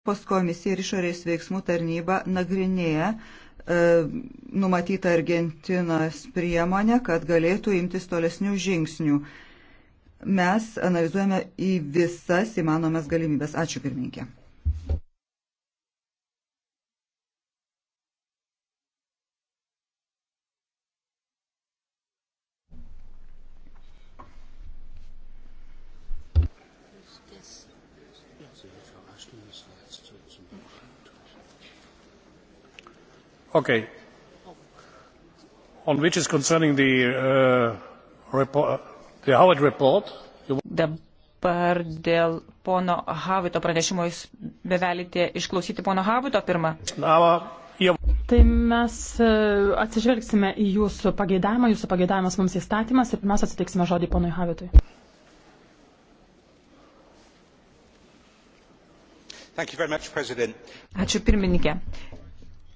Europos komisija ir išorės veiksmų tarnyba nagrinėja e, numatytą Argentinos priemonę, kad galėtų imtis tolesnių žingsnių. Mes analizuojame į visas įmanomas galimybės. Ačiū pirminkė. Okay. On which is concerning the, uh, report, uh, the Howard report. You... Dabar dėl pono Havito pranešimo jūs bevelite išklausyti pono Havito pirmą. Uh, tai mes e, atsižvelgsime į jūsų pageidavimą, jūsų pageidavimas mums įstatymas ir mes atsitiksime žodį ponui Havitui. Ačiū pirmininkė.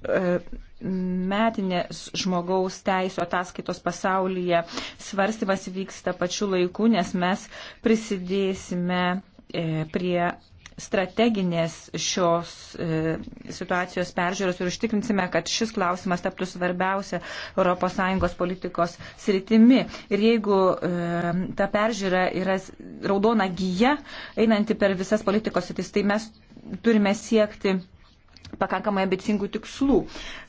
E, metinės žmogaus teisų ataskaitos pasaulyje svarstymas vyksta pačiu laiku, nes mes prisidėsime e, prie strateginės šios e, situacijos peržiūros ir užtikrinsime, kad šis klausimas taptų svarbiausia ES politikos sritimi. Ir jeigu e, ta peržiūra yra raudona gyja, einanti per visas politikos sritis, tai mes turime siekti pakankamai ambicingų tikslų.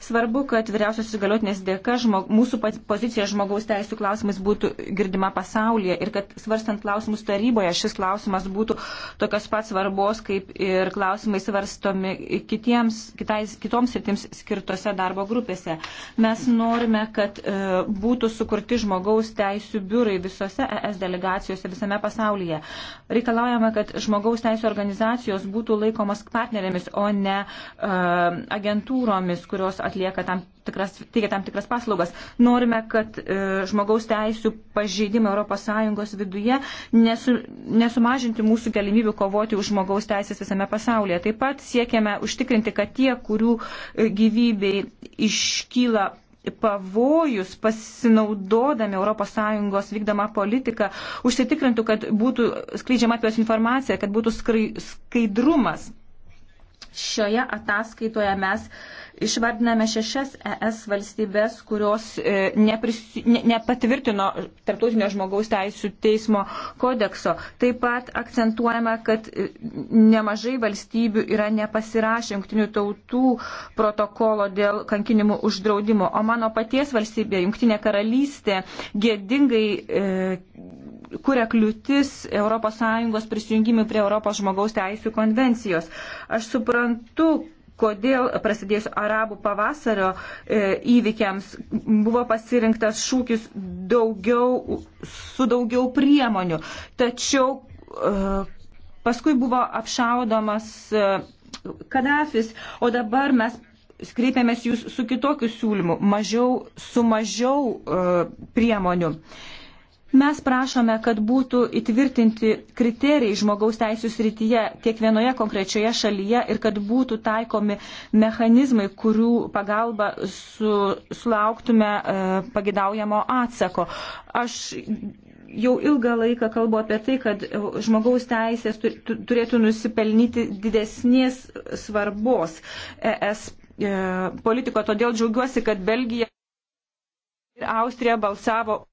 Svarbu, kad vyriausios įgaliotinės dėka žmog, mūsų pozicija žmogaus teisų klausimais būtų girdima pasaulyje ir kad svarstant klausimus taryboje šis klausimas būtų tokios pat svarbos, kaip ir klausimai svarstomi kitiems, kitais, kitoms sritims skirtose darbo grupėse. Mes norime, kad e, būtų sukurti žmogaus teisų biurai visose ES delegacijose visame pasaulyje. Reikalaujame, kad žmogaus teisų organizacijos būtų laikomas partnerėmis, o ne e, agentūromis, kurios atlieka tam tikras, teikia tam tikras paslaugas. Norime, kad e, žmogaus teisų pažeidimai ES viduje nesu, nesumažinti mūsų galimybių kovoti už žmogaus teisės visame pasaulyje. Taip pat siekiame užtikrinti, kad tie, kurių e, gyvybei iškyla pavojus pasinaudodami ES vykdomą politiką užsitikrintų, kad būtų skleidžiama apie jos informacija, kad būtų skaidrumas Šioje ataskaitoje mes išvardiname šešias ES valstybės, kurios e, nepris, ne, nepatvirtino Tartutinio žmogaus teisų teismo kodekso. Taip pat akcentuojama, kad e, nemažai valstybių yra nepasirašę jungtinių tautų protokolo dėl kankinimų uždraudimo, o mano paties valstybė, jungtinė karalystė, gėdingai e, kuria kliūtis ES prisijungimui prie Europos žmogaus teisų konvencijos. Aš suprantu, kodėl prasidėjus arabų pavasario e, įvykiams buvo pasirinktas šūkis daugiau, su daugiau priemonių. Tačiau e, paskui buvo apšaudomas e, Kadafis, o dabar mes skreipiamės jūs su kitokiu siūlymu, mažiau, su mažiau e, priemonių. E, Mes prašome, kad būtų įtvirtinti kriterijai žmogaus teisų srityje kiekvienoje konkrečioje šalyje ir kad būtų taikomi mechanizmai, kurių pagalba su, sulauktume e, pagidaujamo atsako. Aš jau ilgą laiką kalbu apie tai, kad žmogaus teisės turėtų nusipelnyti didesnės svarbos ES e, politiko. Todėl džiaugiuosi, kad Belgija ir Austrija balsavo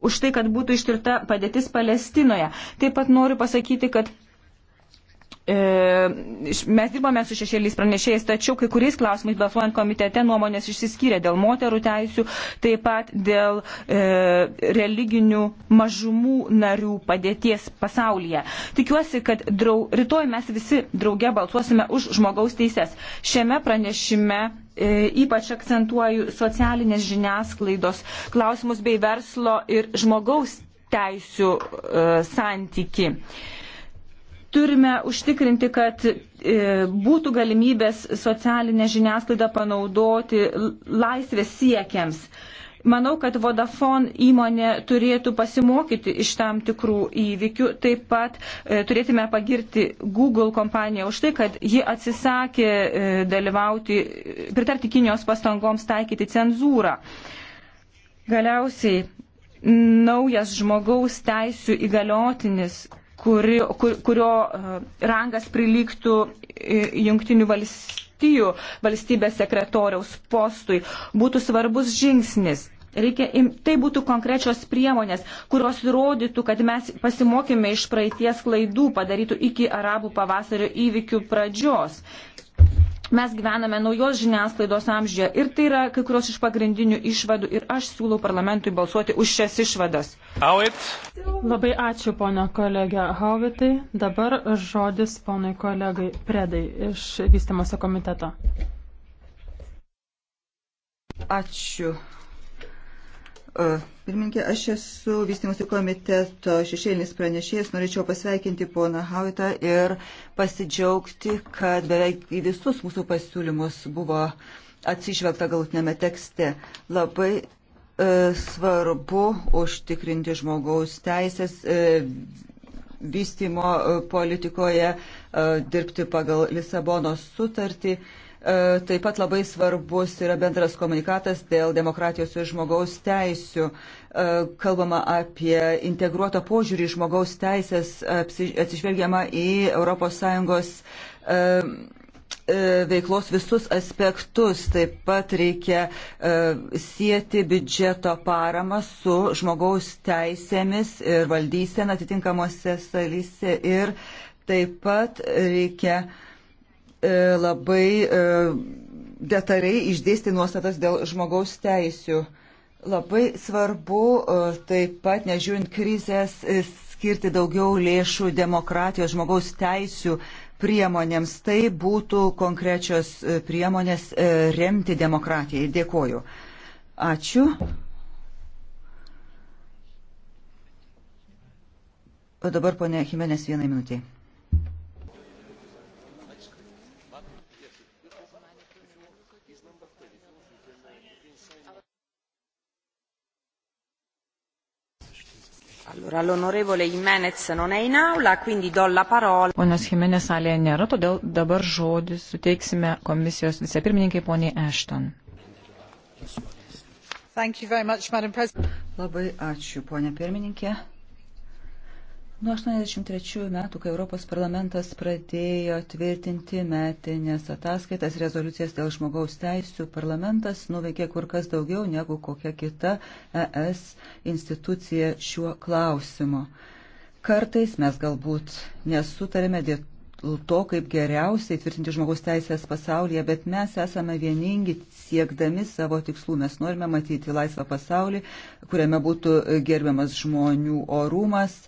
už tai, kad būtų ištirta padėtis Palestinoje. Taip pat noriu pasakyti, kad e, mes dirbame su šešėliais pranešėjais, tačiau kai kuriais klausimais balsuojant komitete nuomonės išsiskyrė dėl moterų teisių, taip pat dėl e, religinių mažumų narių padėties pasaulyje. Tikiuosi, kad drau, rytoj mes visi drauge balsuosime už žmogaus teises. Šiame pranešime E, ypač akcentuoju socialinės žiniasklaidos klausimus bei verslo ir žmogaus teisių e, santyki. Turime užtikrinti, kad e, būtų galimybės socialinę žiniasklaidą panaudoti laisvės siekiams. Manau, kad Vodafone įmonė turėtų pasimokyti iš tam tikrų įvykių. Taip pat e, turėtume pagirti Google kompaniją už tai, kad ji atsisakė e, dalyvauti, e, pritarti Kinijos pastangoms taikyti cenzūrą. Galiausiai naujas žmogaus teisų įgaliotinis, kuri, kur, kurio e, rangas prilygtų e, jungtinių valstybių valstijų valstybės sekretoriaus postui būtų svarbus žingsnis. Reikia, tai būtų konkrečios priemonės, kurios rodytų, kad mes pasimokime iš praeities klaidų padarytų iki arabų pavasario įvykių pradžios. Mes gyvename naujos žiniasklaidos amžiuje ir tai yra kai kurios iš pagrindinių išvadų ir aš siūlau parlamentui balsuoti už šias išvadas. Howitt. Labai ačiū, ponia kolegė Hauvitai. Dabar žodis ponai kolegai Predai iš Vystimosio komiteto. Ačiū. Uh Pirminkė, aš esu vystimusi komiteto šešėlinis pranešėjas, norėčiau pasveikinti poną Hautą ir pasidžiaugti, kad beveik į visus mūsų pasiūlymus buvo atsižvelgta galutinėme tekste. Labai e, svarbu užtikrinti žmogaus teisės. E, vystimo e, politikoje, e, dirbti pagal Lisabonos sutartį. E, taip pat labai svarbus yra bendras komunikatas dėl demokratijos ir žmogaus teisių. E, kalbama apie integruotą požiūrį žmogaus teisės, atsižvelgiama į ES e, veiklos visus aspektus. Taip pat reikia sieti biudžeto paramą su žmogaus teisėmis ir valdysena atitinkamuose salyse. Ir taip pat reikia uh, E, labai e, detaliai išdėsti nuostatas dėl žmogaus teisių. Labai svarbu e, taip pat, nežiūrint krizės, skirti daugiau lėšų demokratijos žmogaus teisių priemonėms. Tai būtų konkrečios priemonės remti demokratijai. Dėkoju. Ačiū. O dabar, ponė Jimenės, vienai minutiai. Allora, l'onorevole Jimenez non è in aula, quindi do la parola. Ponas Jimenez salėje nėra, todėl dabar žodį suteiksime komisijos vicepirmininkai poniai Ashton. Labai ačiū, ponė pirmininkė. Nuo 83 metų, kai Europos parlamentas pradėjo tvirtinti metinės ataskaitas rezoliucijas dėl žmogaus teisų, parlamentas nuveikė kur kas daugiau negu kokia kita ES institucija šiuo klausimu. Kartais mes galbūt nesutarėme dėl to, kaip geriausiai tvirtinti žmogaus teisės pasaulyje, bet mes esame vieningi siekdami savo tikslų. Mes norime matyti laisvą pasaulį, kuriame būtų gerbiamas žmonių orumas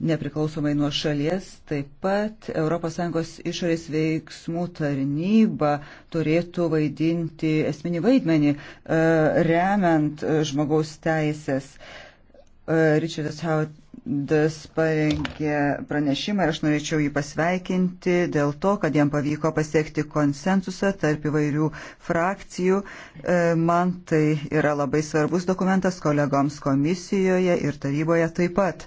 nepriklausomai nuo šalies. Taip pat ES išorės veiksmų tarnyba turėtų vaidinti esminį vaidmenį, e, remiant e, žmogaus teisės. E, Richardas Haudas parengė pranešimą ir aš norėčiau jį pasveikinti dėl to, kad jam pavyko pasiekti konsensusą tarp įvairių frakcijų. Man tai yra labai svarbus dokumentas kolegoms komisijoje ir taryboje taip pat.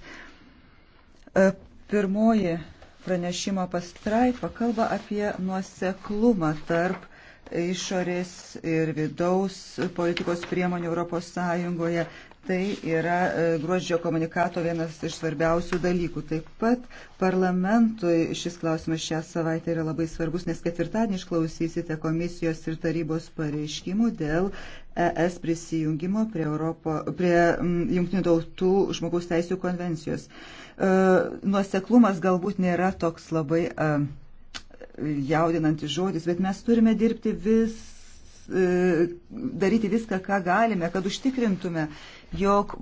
E, pirmoji pranešimo pastraipa kalba apie nuoseklumą tarp išorės ir vidaus politikos priemonių Europos Sąjungoje. Tai yra e, gruodžio komunikato vienas iš svarbiausių dalykų. Taip pat parlamentui šis klausimas šią savaitę yra labai svarbus, nes ketvirtadienį išklausysite komisijos ir tarybos pareiškimų dėl ES prisijungimo prie, Europo, prie Junktinių tautų žmogaus teisų konvencijos. E, nuoseklumas galbūt nėra toks labai e, jaudinantis žodis, bet mes turime dirbti vis daryti viską, ką galime, kad užtikrintume jog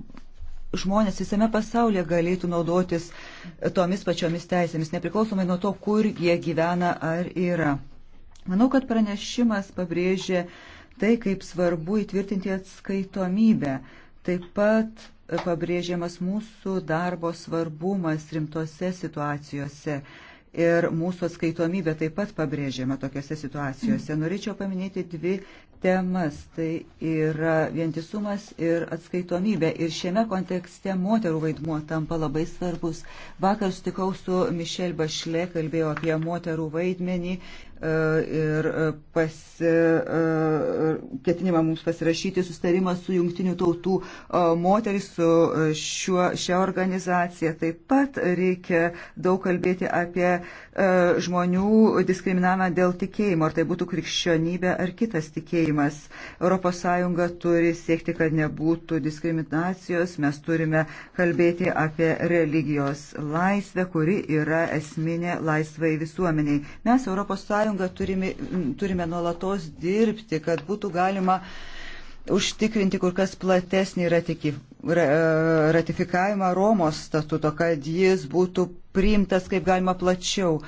žmonės visame pasaulyje galėtų naudotis tomis pačiomis teisėmis, nepriklausomai nuo to, kur jie gyvena ar yra. Manau, kad pranešimas pabrėžė tai, kaip svarbu įtvirtinti atskaitomybę. Taip pat pabrėžiamas mūsų darbo svarbumas rimtose situacijose. Ir mūsų atskaitomybė taip pat pabrėžiama tokiuose situacijose. Norėčiau paminėti dvi temas - tai yra vientisumas ir atskaitomybė. Ir šiame kontekste moterų vaidmuo tampa labai svarbus. Vakar sutikau su Mišel Bašle, kalbėjau apie moterų vaidmenį E, ir e, pasi, e, ketinimą mums pasirašyti sustarimą su jungtinių tautų moteris, su šiuo, šia organizacija. Taip pat reikia daug kalbėti apie žmonių diskriminavimą dėl tikėjimo, ar tai būtų krikščionybė ar kitas tikėjimas. ES turi siekti, kad nebūtų diskriminacijos, mes turime kalbėti apie religijos laisvę, kuri yra esminė laisvai visuomeniai. Mes ES turime, turime nuolatos dirbti, kad būtų galima užtikrinti kur kas platesnį ratifikavimą Romos statuto, kad jis būtų priimtas kaip galima plačiau.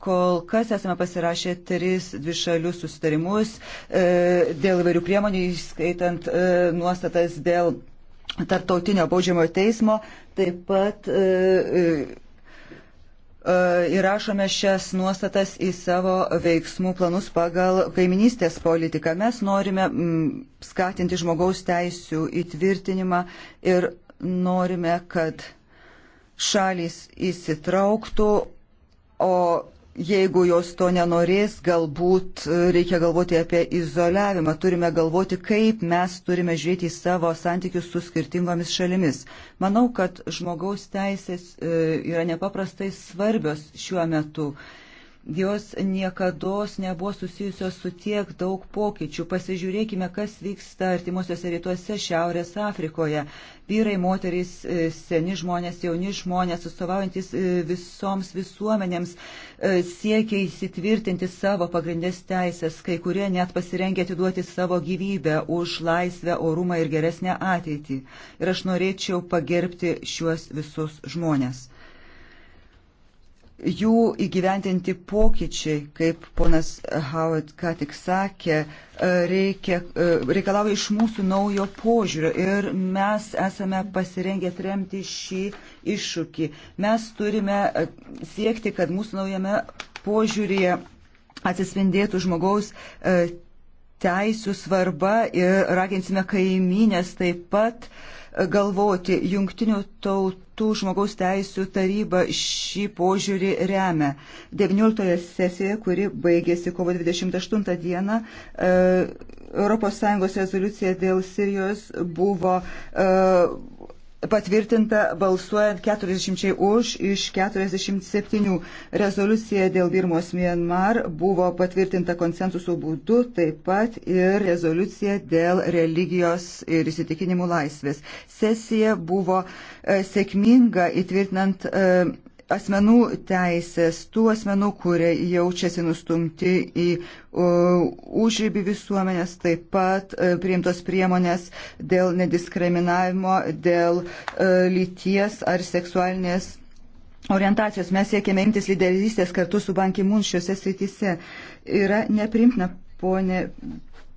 Kol kas esame pasirašę tris dvišalius susitarimus e, dėl įvairių priemonių, įskaitant e, nuostatas dėl tarptautinio baudžiamojo teismo, taip pat e, e, E, įrašome šias nuostatas į savo veiksmų planus pagal kaiminystės politiką. Mes norime skatinti žmogaus teisų įtvirtinimą ir norime, kad šalys įsitrauktų, o jeigu jos to nenorės, galbūt e, reikia galvoti apie izoliavimą, turime galvoti, kaip mes turime žiūrėti į savo santykius su skirtingomis šalimis. Manau, kad žmogaus teisės e, yra nepaprastai svarbios šiuo metu jos niekada nebuvo susijusios su tiek daug pokyčių. Pasižiūrėkime, kas vyksta artimuosiuose rytuose Šiaurės Afrikoje. Vyrai, moterys, e, seni žmonės, jauni žmonės, atstovaujantis e, visoms visuomenėms, e, siekia įsitvirtinti savo pagrindės teisės, kai kurie net pasirengia atiduoti savo gyvybę už laisvę, orumą ir geresnę ateitį. Ir aš norėčiau pagerbti šiuos visus žmonės jų įgyventinti pokyčiai, kaip ponas Howard ką tik sakė, e, reikia, e, reikalauja iš mūsų naujo požiūrio ir mes esame pasirengę tremti šį iššūkį. Mes turime e, siekti, kad mūsų naujame požiūrėje atsispindėtų žmogaus teisų svarba ir raginsime kaimynės taip pat uh, galvoti. Jungtinių tautų žmogaus teisų taryba šį požiūrį remia. 19 sesijoje, kuri baigėsi kovo 28 dieną, ES rezoliucija dėl Sirijos buvo. E, patvirtinta balsuojant 40 už iš 47. Rezoliucija dėl Birmos Myanmar buvo patvirtinta konsensuso būdu, taip pat ir rezoliucija dėl religijos ir įsitikinimų laisvės. Sesija buvo e, sėkminga įtvirtinant e, asmenų teisės, tų asmenų, kurie jaučiasi nustumti į užrybį visuomenės, taip pat e, priimtos priemonės dėl nediskriminavimo, dėl e, lyties ar seksualinės. Orientacijos mes siekėme imtis lyderystės kartu su Bankimun šiuose srityse. Yra neprimtina, ponė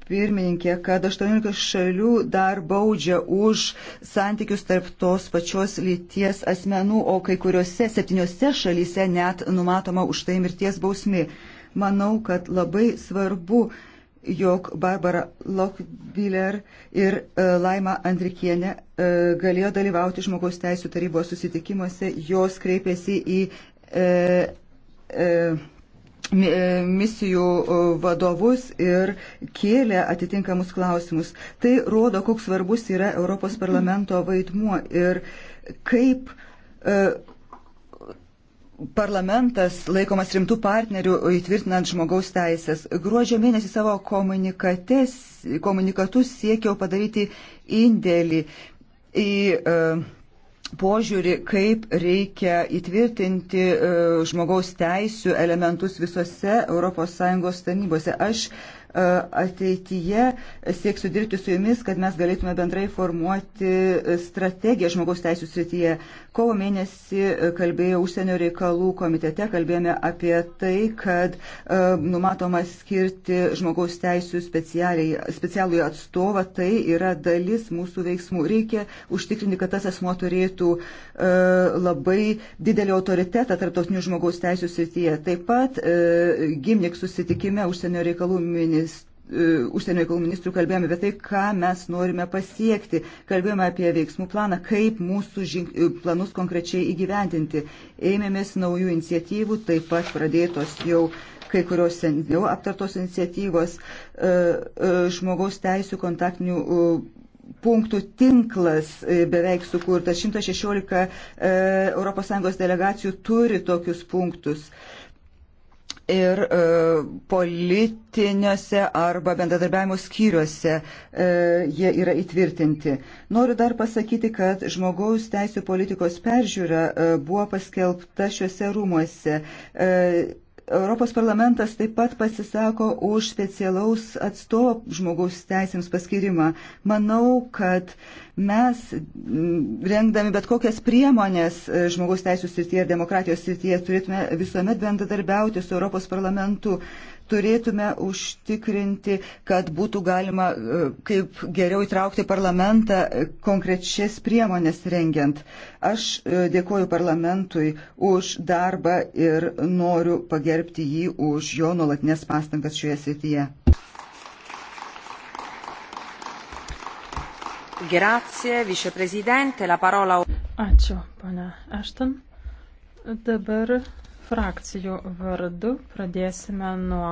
pirmininkė, kad 18 šalių dar baudžia už santykius tarp tos pačios lyties asmenų, o kai kuriuose septyniose šalyse net numatoma už tai mirties bausmi. Manau, kad labai svarbu, jog Barbara Lochbiller ir e, Laima Andrikienė e, galėjo dalyvauti žmogaus teisų tarybos susitikimuose, jos kreipėsi į. E, e, E, misijų e, vadovus ir kėlė atitinkamus klausimus. Tai rodo, koks svarbus yra Europos parlamento vaidmuo ir kaip e, parlamentas laikomas rimtų partnerių įtvirtinant žmogaus teisės. Gruodžio mėnesį savo komunikatus siekiau padaryti indėlį į uh, požiūrį, kaip reikia įtvirtinti e, žmogaus teisų elementus visose ES tarnybose. Aš e, ateityje sieksiu dirbti su jumis, kad mes galėtume bendrai formuoti e, strategiją žmogaus teisų srityje. Kovo mėnesį e, kalbėjau užsienio reikalų komitete, kalbėjome apie tai, kad e, numatoma skirti žmogaus teisų specialų atstovą. Tai yra dalis mūsų veiksmų. Reikia užtikrinti, kad tas asmo turėtų e, labai didelį autoritetą tarptautinių žmogaus teisų srityje. Taip pat Gimnik susitikime užsienio reikalų ministrų E, užsienio reikalų ministrų kalbėjome apie tai, ką mes norime pasiekti, kalbėjome apie veiksmų planą, kaip mūsų žing... E, planus konkrečiai įgyvendinti. Ėmėmės naujų iniciatyvų, taip pat pradėtos jau kai kurios seniau aptartos iniciatyvos, e, žmogaus teisų kontaktinių punktų tinklas beveik sukurtas, 116 ES delegacijų turi tokius punktus. E, ir e, politiniuose arba bendradarbiavimo skyriuose e, jie yra įtvirtinti. Noriu dar pasakyti, kad žmogaus teisų politikos peržiūra e, buvo paskelbta šiuose rūmuose. E, Europos parlamentas taip pat pasisako už specialaus atstovo žmogaus teisėms paskirimą. Manau, kad mes, mm, rengdami bet kokias priemonės e, žmogaus teisų srityje ir demokratijos srityje, turėtume visuomet bendradarbiauti su Europos parlamentu. Uh, turėtume užtikrinti, kad būtų galima e, kaip geriau įtraukti parlamentą e, konkrečias priemonės rengiant. Aš e, dėkoju parlamentui už darbą ir noriu pagerbti jį už jo nuolatinės pastangas šioje srityje. Grazie, viceprezidente, la parola. Ačiū, pana Ašton. Dabar frakcijų vardu. Pradėsime nuo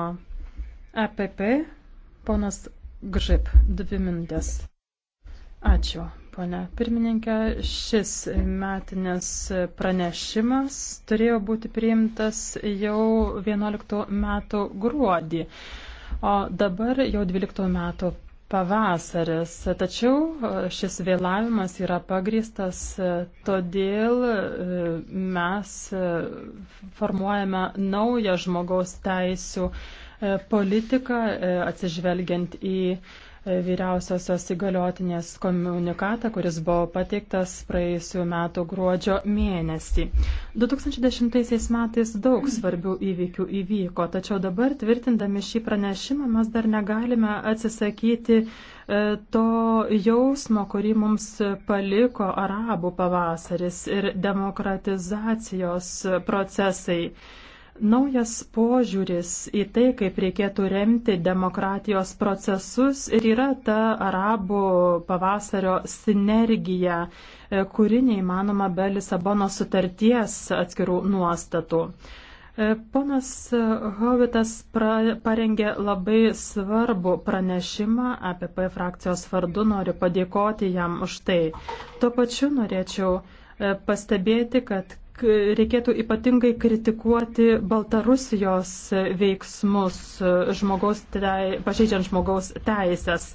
EPP. Ponas Gžip, dvi minutės. Ačiū, ponia pirmininkė. Šis metinis pranešimas turėjo būti priimtas jau 11 metų gruodį, o dabar jau 12 metų pavasaris. Tačiau e, šis vėlavimas yra pagrįstas, e, todėl e, mes formuojame naują žmogaus teisų politiką atsižvelgiant į vyriausiosios įgaliotinės komunikatą, kuris buvo pateiktas praėjusiu metu gruodžio mėnesį. 2010 metais daug svarbių įvykių įvyko, tačiau dabar tvirtindami šį pranešimą mes dar negalime atsisakyti e, to jausmo, kurį mums paliko arabų pavasaris ir demokratizacijos procesai. Naujas požiūris į tai, kaip reikėtų remti demokratijos procesus ir yra ta arabų pavasario sinergija, e, kuri neįmanoma be Lisabono sutarties atskirų nuostatų. E, ponas Hovitas pra, parengė labai svarbų pranešimą apie P frakcijos vardu, noriu padėkoti jam už tai. Tuo pačiu norėčiau e, pastebėti, kad reikėtų ypatingai kritikuoti Baltarusijos veiksmus žmogaus tei, pažeidžiant žmogaus teisės.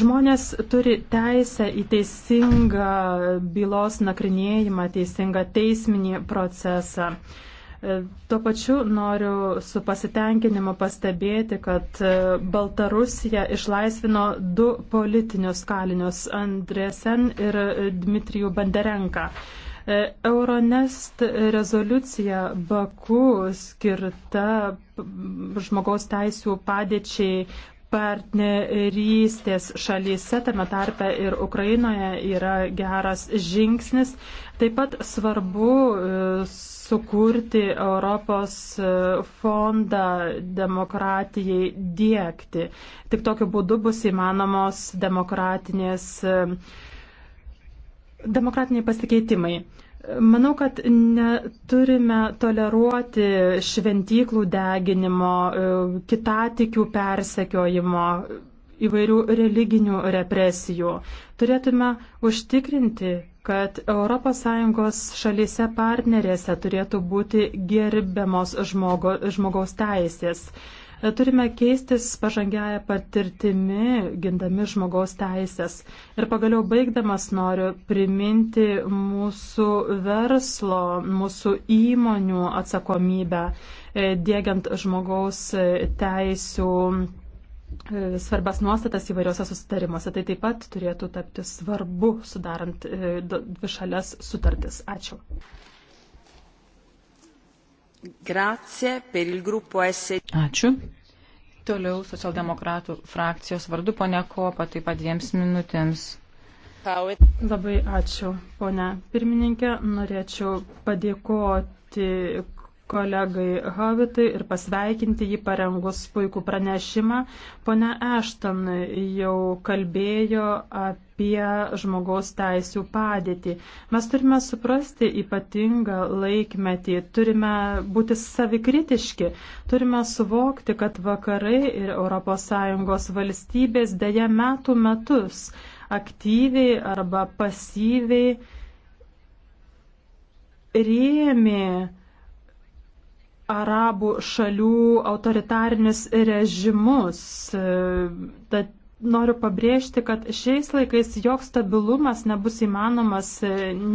Žmonės turi teisę į teisingą bylos nagrinėjimą, teisingą teisminį procesą. E, tuo pačiu noriu su pasitenkinimu pastebėti, kad e, Baltarusija išlaisvino du politinius kalinius - Andresen ir Dmitrijų Banderenką. E, Euronest rezoliucija Baku skirta žmogaus teisų padėčiai partnerystės šalyse, tame tarpe ir Ukrainoje, yra geras žingsnis. Taip pat svarbu e, sukurti Europos e, fondą demokratijai dėkti. Tik tokiu būdu bus įmanomos demokratinės Demokratiniai pasikeitimai. Manau, kad neturime toleruoti šventyklų deginimo, e, kitatikių persekiojimo, įvairių religinių represijų. Turėtume užtikrinti, kad ES šalyse partnerėse turėtų būti gerbiamos žmogo, žmogaus teisės. Turime keistis pažangiają patirtimi, gindami žmogaus teisės. Ir pagaliau baigdamas noriu priminti mūsų verslo, mūsų įmonių atsakomybę, e, dėgiant žmogaus teisų e, svarbas nuostatas įvairiuose susitarimuose. Tai taip pat turėtų tapti svarbu sudarant e, dvišalės sutartis. Ačiū. Ačiū. Toliau socialdemokratų frakcijos vardu ponia Kopa, taip pat dviems minutėms. Labai ačiū, ponia pirmininkė. Norėčiau padėkoti kolegai Hovitai ir pasveikinti jį parengus puikų pranešimą. Pone Ešton jau kalbėjo apie žmogaus teisų padėtį. Mes turime suprasti ypatingą laikmetį, turime būti savikritiški, turime suvokti, kad vakarai ir ES valstybės dėja metų metus aktyviai arba pasyviai rėmė arabų šalių autoritarinius režimus. Tad noriu pabrėžti, kad šiais laikais joks stabilumas nebus įmanomas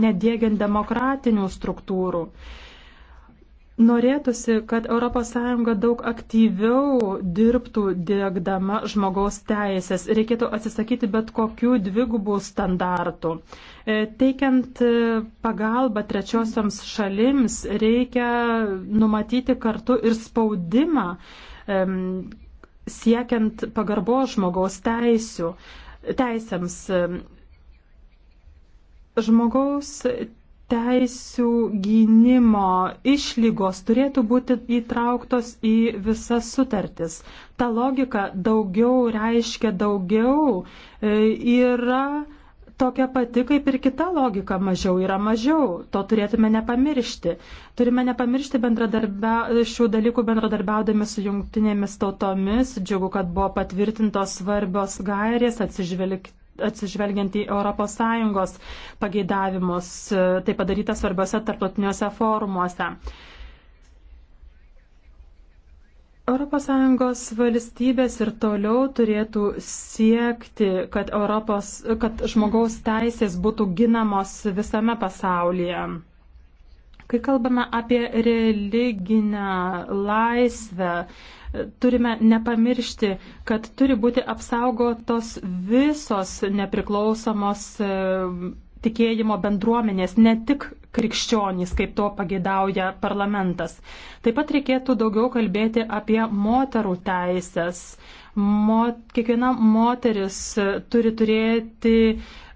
nedėgiant demokratinių struktūrų. Norėtųsi, kad ES daug aktyviau dirbtų dėkdama žmogaus teisės. Reikėtų atsisakyti bet kokių dvigubų standartų. E, teikiant e, pagalbą trečiosioms šalims, reikia numatyti kartu ir spaudimą siekiant pagarbo žmogaus teisių. Teisėms Žmogaus teisių gynimo išlygos turėtų būti įtrauktos į visas sutartis. Ta logika daugiau reiškia daugiau e, yra tokia pati kaip ir kita logika - mažiau yra mažiau. To turėtume nepamiršti. Turime nepamiršti šių dalykų bendradarbiaudami su jungtinėmis tautomis. Džiugu, kad buvo patvirtintos svarbios gairės atsižvelgti atsižvelgiant į ES pageidavimus. E, tai padaryta svarbiose tarptautiniuose forumuose. ES valstybės ir toliau turėtų siekti, kad, Europos, kad žmogaus teisės būtų ginamos visame pasaulyje. Kai kalbame apie religinę laisvę, turime nepamiršti, kad turi būti apsaugotos visos nepriklausomos e, tikėjimo bendruomenės, ne tik krikščionys, kaip to pagėdauja parlamentas. Taip pat reikėtų daugiau kalbėti apie moterų teisės. Mo, kiekviena moteris e, turi turėti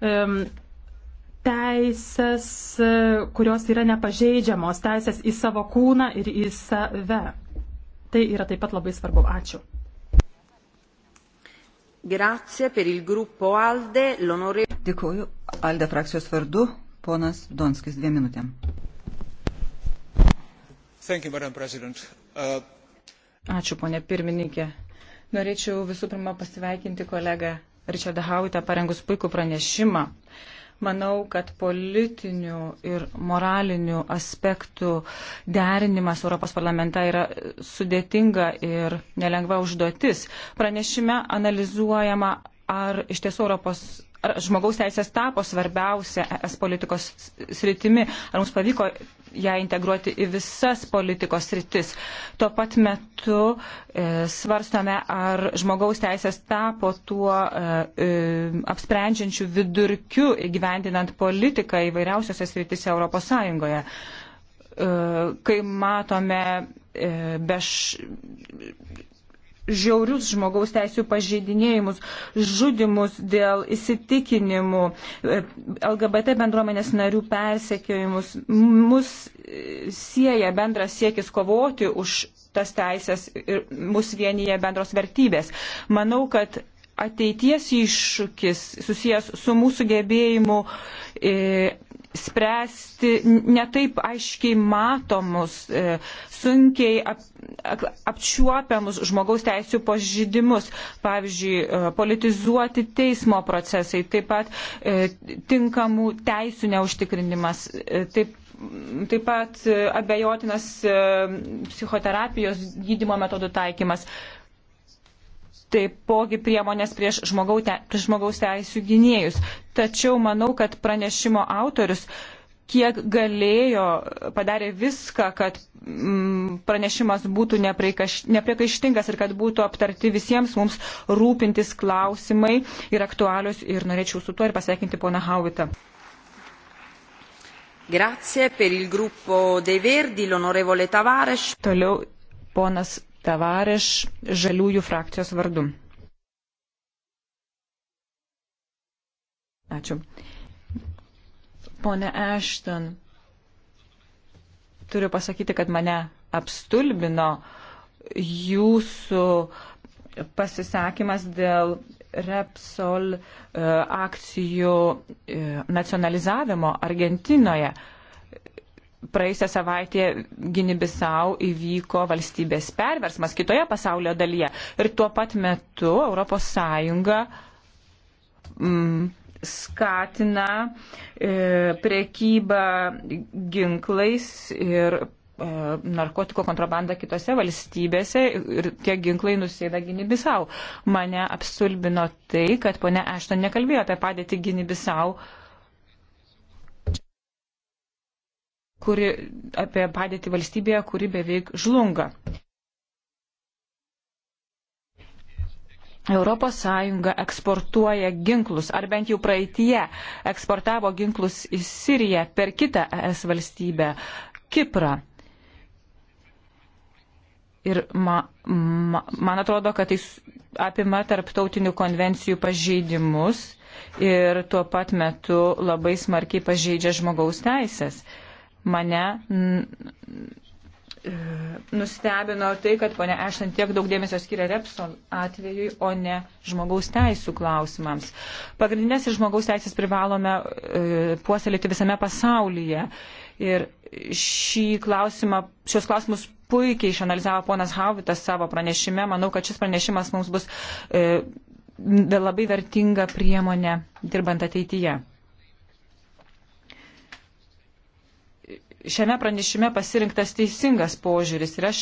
um, teisės, e, kurios yra nepažeidžiamos, teisės į savo kūną ir į save. Tai yra taip pat labai svarbu. Ačiū. Grazie per il gruppo Alde, l'onore. Dėkuoju. Alde frakcijos vardu, ponas Donskis, dviem minutėm. Thank you, Madam President. Uh... Ačiū, ponė pirmininkė. Norėčiau visų pirma pasveikinti kolegą Richardą Hautą parengus puikų pranešimą. Uh, Manau, kad politinių ir moralinių aspektų derinimas Europos parlamente yra sudėtinga ir nelengva užduotis. Pranešime analizuojama, ar iš tiesų Europos. Ar žmogaus teisės tapo svarbiausia es politikos sritimi? Ar mums pavyko ją integruoti į visas politikos rytis. Tuo pat metu e, svarstame, ar žmogaus teisės tapo tuo e, e apsprendžiančiu vidurkiu įgyvendinant politiką įvairiausiose sritise Europos Sąjungoje. E, kai matome e, beš žiaurius žmogaus teisų pažeidinėjimus, žudimus dėl įsitikinimų, e, LGBT bendruomenės narių persekiojimus. Mus e, sieja bendras siekis kovoti už tas teisės ir mus vienyje bendros vertybės. Manau, kad ateities iššūkis susijęs su mūsų gebėjimu e, spręsti netaip aiškiai matomus, e, sunkiai ap, apčiuopiamus žmogaus teisų pažydimus, pavyzdžiui, e, politizuoti teismo procesai, taip pat e, tinkamų teisų neužtikrinimas, taip, taip pat abejotinas psichoterapijos gydimo metodų taikymas taipogi priemonės prieš, te, prieš žmogaus teisų gynėjus. Tačiau manau, kad pranešimo autorius kiek galėjo, padarė viską, kad mm, pranešimas būtų nepriekaištingas ir kad būtų aptarti visiems mums rūpintis klausimai ir aktualius. Ir norėčiau su tuo ir pasveikinti poną Hauvitą. Grazie per il gruppo dei Verdi, l'onorevole Tavares. Toliau ponas Tavareš žaliųjų frakcijos vardu. Ačiū. Pone Ešton, turiu pasakyti, kad mane apstulbino jūsų pasisakymas dėl Repsol e, akcijų e, nacionalizavimo Argentinoje praėjusią savaitę Ginibisau įvyko valstybės perversmas kitoje pasaulio dalyje. Ir tuo pat metu ES mm, skatina e, priekybą ginklais ir e, narkotiko kontrabandą kitose valstybėse ir tie ginklai nusėda Ginibisau. Mane apsulbino tai, kad ponia Ešton nekalbėjo apie padėtį Ginibisau. E, kuri, apie padėtį valstybėje, kuri beveik žlunga. ES eksportuoja ginklus, ar bent jau praeitie eksportavo ginklus į Siriją per kitą ES valstybę - Kiprą. Ir ma, ma, man atrodo, kad tai apima tarptautinių konvencijų pažeidimus ir tuo pat metu labai smarkiai pažeidžia žmogaus teisės. Uh, mane nustebino tai, kad ponia Ešten tiek daug dėmesio skiria Repson atvejui, o ne žmogaus teisų klausimams. Pagrindinės ir žmogaus teisės privalome e, puoselėti visame pasaulyje. Ir šį klausimą, šios klausimus puikiai išanalizavo ponas Havitas savo pranešime. Manau, kad šis pranešimas mums bus e, labai vertinga priemonė dirbant ateityje. šiame pranešime pasirinktas teisingas požiūris ir aš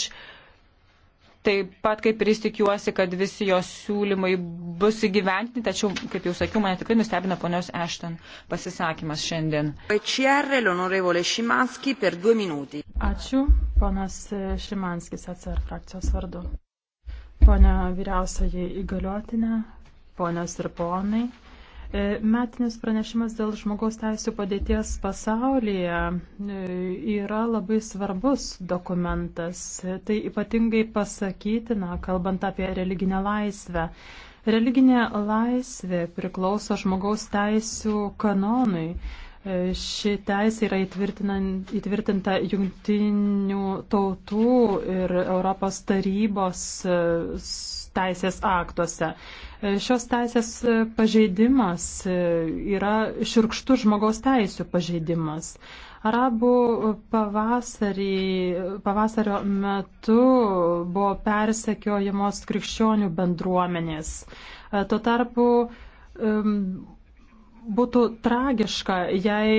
taip pat kaip ir jis tikiuosi, kad visi jos siūlymai bus įgyventinti, tačiau, kaip jau sakiau, mane tikrai nustebina ponios Ešten pasisakymas šiandien. E Ačiū, ponas Šimanskis atsar e frakcijos vardu. Pone vyriausioji įgaliotinė, ponios ir ponai. E, metinis pranešimas dėl žmogaus teisų padėties pasaulyje e, yra labai svarbus dokumentas. Tai ypatingai pasakytina, kalbant apie religinę laisvę. Religinė laisvė priklauso žmogaus teisų kanonui. E, ši teisė yra įtvirtinta jungtinių tautų ir Europos tarybos teisės aktuose. E, šios teisės e, pažeidimas e, yra širkštus žmogaus teisų pažeidimas. Arabų pavasarį, pavasario metu buvo persekiojamos krikščionių bendruomenės. Tuo tarpu um, būtų tragiška, jei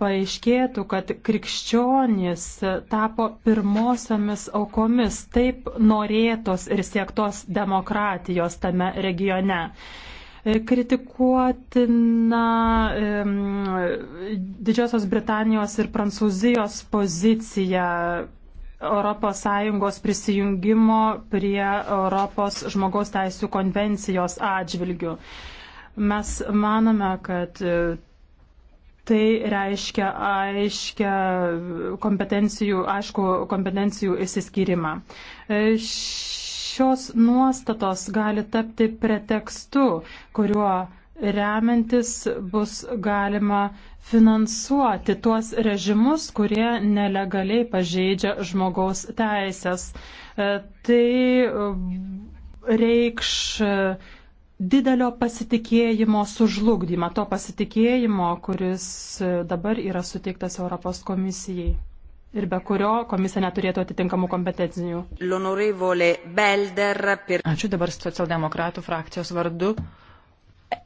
paaiškėtų, kad krikščionys tapo pirmosiomis aukomis taip norėtos ir siektos demokratijos tame regione. Kritikuotina Didžiosios Britanijos ir Prancūzijos pozicija ES prisijungimo prie ES žmogaus teisų konvencijos atžvilgių. Mes manome, kad e, tai reiškia aiškia kompetencijų, aišku, kompetencijų įsiskyrimą. E, šios nuostatos gali tapti pretekstu, kuriuo remiantis bus galima finansuoti tuos režimus, kurie nelegaliai pažeidžia žmogaus teisės. E, tai reikš didelio pasitikėjimo sužlugdymą, to pasitikėjimo, kuris e, dabar yra suteiktas Europos komisijai ir be kurio komisija neturėtų atitinkamų kompetencijų. Per... Ačiū dabar socialdemokratų frakcijos vardu.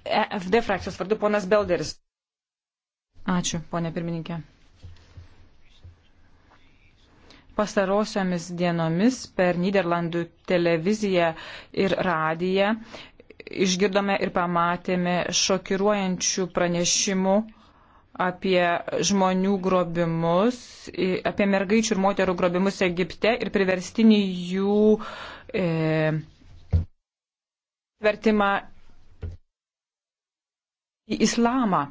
EFD e frakcijos vardu ponas Belderis. Ačiū, ponė pirmininkė. Pastarosiomis dienomis per Niderlandų televiziją ir radiją išgirdome ir pamatėme šokiruojančių pranešimų apie žmonių grobimus, apie mergaičių ir moterų grobimus Egipte ir priverstinį jų e, vertimą į islamą.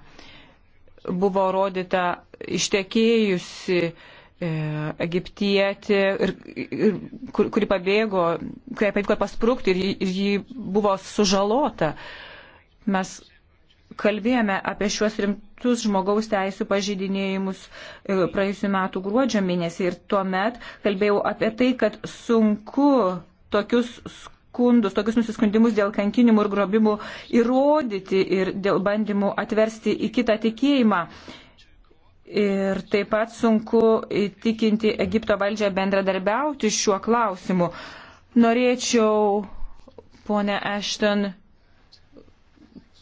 Buvo rodyta ištekėjusi E, egiptietį, ir, ir, kur, kuri pabėgo, kuriai pavyko pasprūkti ir, ir ji buvo sužalota. Mes kalbėjome apie šiuos rimtus žmogaus teisų pažydinėjimus e, praėjusiu metu gruodžio mėnesį ir tuomet kalbėjau apie tai, kad sunku tokius skundus, tokius nusiskundimus dėl kankinimų ir grobimų įrodyti ir dėl bandymų atversti į kitą tikėjimą. Uh, Ir taip pat sunku įtikinti Egipto valdžią bendradarbiauti šiuo klausimu. Norėčiau, ponė Ešton,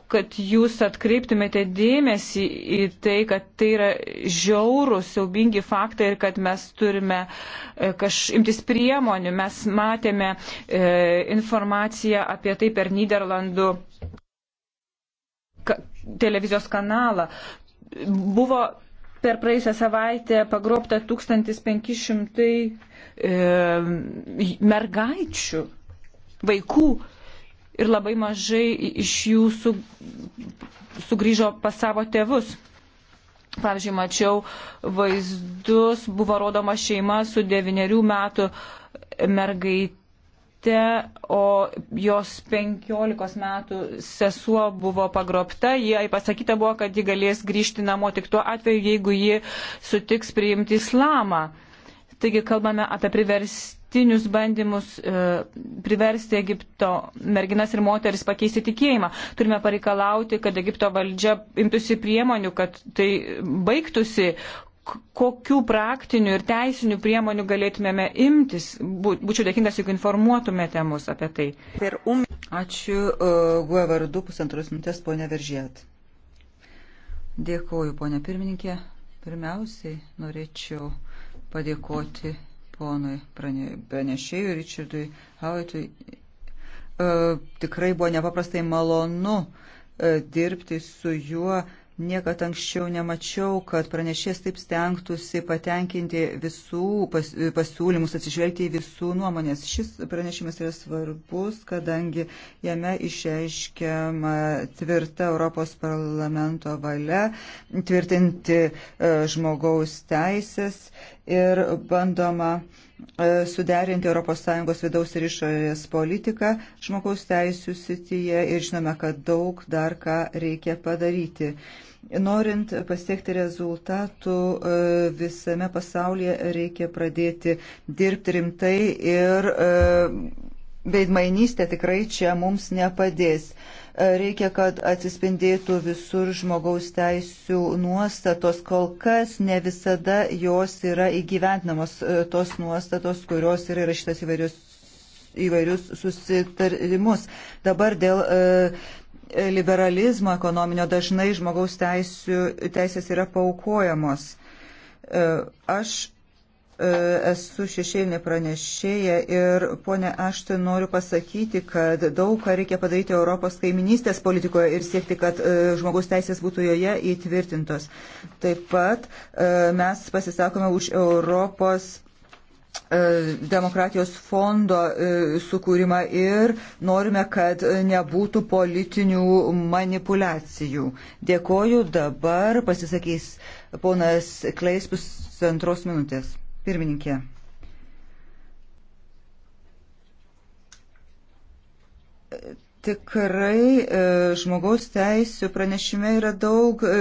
kad jūs atkreiptumėte dėmesį į tai, kad tai yra žiaurūs, siaubingi faktai ir kad mes turime e, kažimtis priemonių. Mes matėme e, informaciją apie tai per Niderlandų ka televizijos kanalą. Buvo per praėjusią savaitę pagrobta 1500 e, mergaičių, vaikų ir labai mažai iš jų su, sugrįžo pas savo tėvus. Pavyzdžiui, mačiau vaizdus, buvo rodoma šeima su devyniarių metų mergaitė mieste, o jos 15 metų sesuo buvo pagrobta. Jai pasakyta buvo, kad ji galės grįžti namo tik tuo atveju, jeigu ji sutiks priimti islamą. Taigi kalbame apie priverstinius bandymus e, priversti Egipto merginas ir moteris pakeisti tikėjimą. Turime pareikalauti, kad Egipto valdžia imtųsi priemonių, kad tai baigtųsi, kokių praktinių ir teisinių priemonių galėtumėme imtis. Būčiau dėkingas, jeigu informuotumėte mus apie tai. Um- Ačiū, e, guo vardu, pusantros minutės, ponia Veržėt. Dėkuoju, ponia pirmininkė. Pirmiausiai norėčiau padėkoti ponui pranešėjui Richardui Hauitui. E, tikrai buvo nepaprastai malonu e, dirbti su juo Niekad anksčiau nemačiau, kad pranešės taip stengtųsi patenkinti visų pas, pasiūlymus, atsižvelgti į visų nuomonės. Šis pranešimas yra svarbus, kadangi jame išreiškiama tvirta Europos parlamento valia tvirtinti e, žmogaus teisės ir bandoma uh, E, suderinti ES vidaus ir išorės politiką žmogaus teisų sityje ir žinome, kad daug dar ką reikia padaryti. Norint pasiekti rezultatų e, visame pasaulyje reikia pradėti dirbti rimtai ir e, veidmainystė tikrai čia mums nepadės. Reikia, kad atsispindėtų visur žmogaus teisų nuostatos. Kol kas ne visada jos yra įgyventinamos, e, tos nuostatos, kurios yra rašytas įvairius, įvairius susitarimus. Dabar dėl e, liberalizmo ekonominio dažnai žmogaus teisų, teisės yra paukojamos. E, aš esu šešėlinė pranešėja ir ponė Aštin noriu pasakyti, kad daug ką reikia padaryti Europos kaiminystės politikoje ir siekti, kad e, žmogaus teisės būtų joje įtvirtintos. Taip pat e, mes pasisakome už Europos e, demokratijos fondo sukūrimą ir norime, kad nebūtų politinių manipulacijų. Dėkoju, dabar pasisakys ponas Kleis pusantros minutės. Pirmininkė. Tikrai e, žmogaus teisų pranešime yra daug e,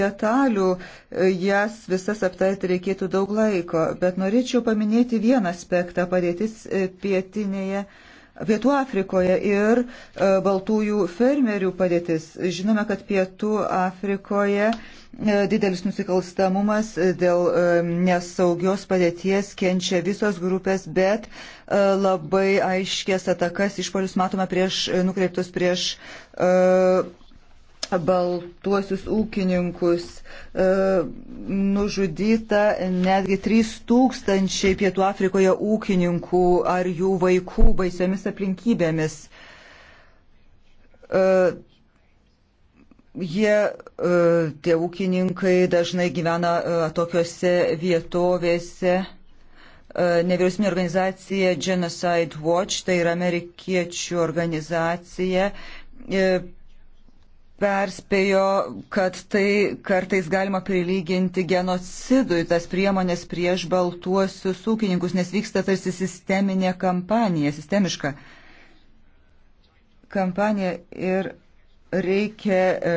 detalių, e, jas visas aptarti reikėtų daug laiko, bet norėčiau paminėti vieną aspektą - padėtis pietinėje Pietų Afrikoje ir e, baltųjų fermerių padėtis. Žinome, kad Pietų Afrikoje e, didelis nusikalstamumas e, dėl nesaugios padėties kenčia visos grupės, bet labai aiškės atakas išpolius matome prieš, nukreiptus prieš baltuosius ūkininkus. E, nužudyta netgi 3000 Pietų Afrikoje ūkininkų ar jų vaikų baisiomis aplinkybėmis. E, jie, e, tie ūkininkai dažnai gyvena tokiuose vietovėse nevyriausybinė organizacija Genocide Watch, tai yra amerikiečių organizacija, perspėjo, kad tai kartais galima prilyginti genocidui, tas priemonės prieš baltuosius ūkininkus, nes vyksta tarsi sisteminė kampanija, sistemiška kampanija ir reikia e,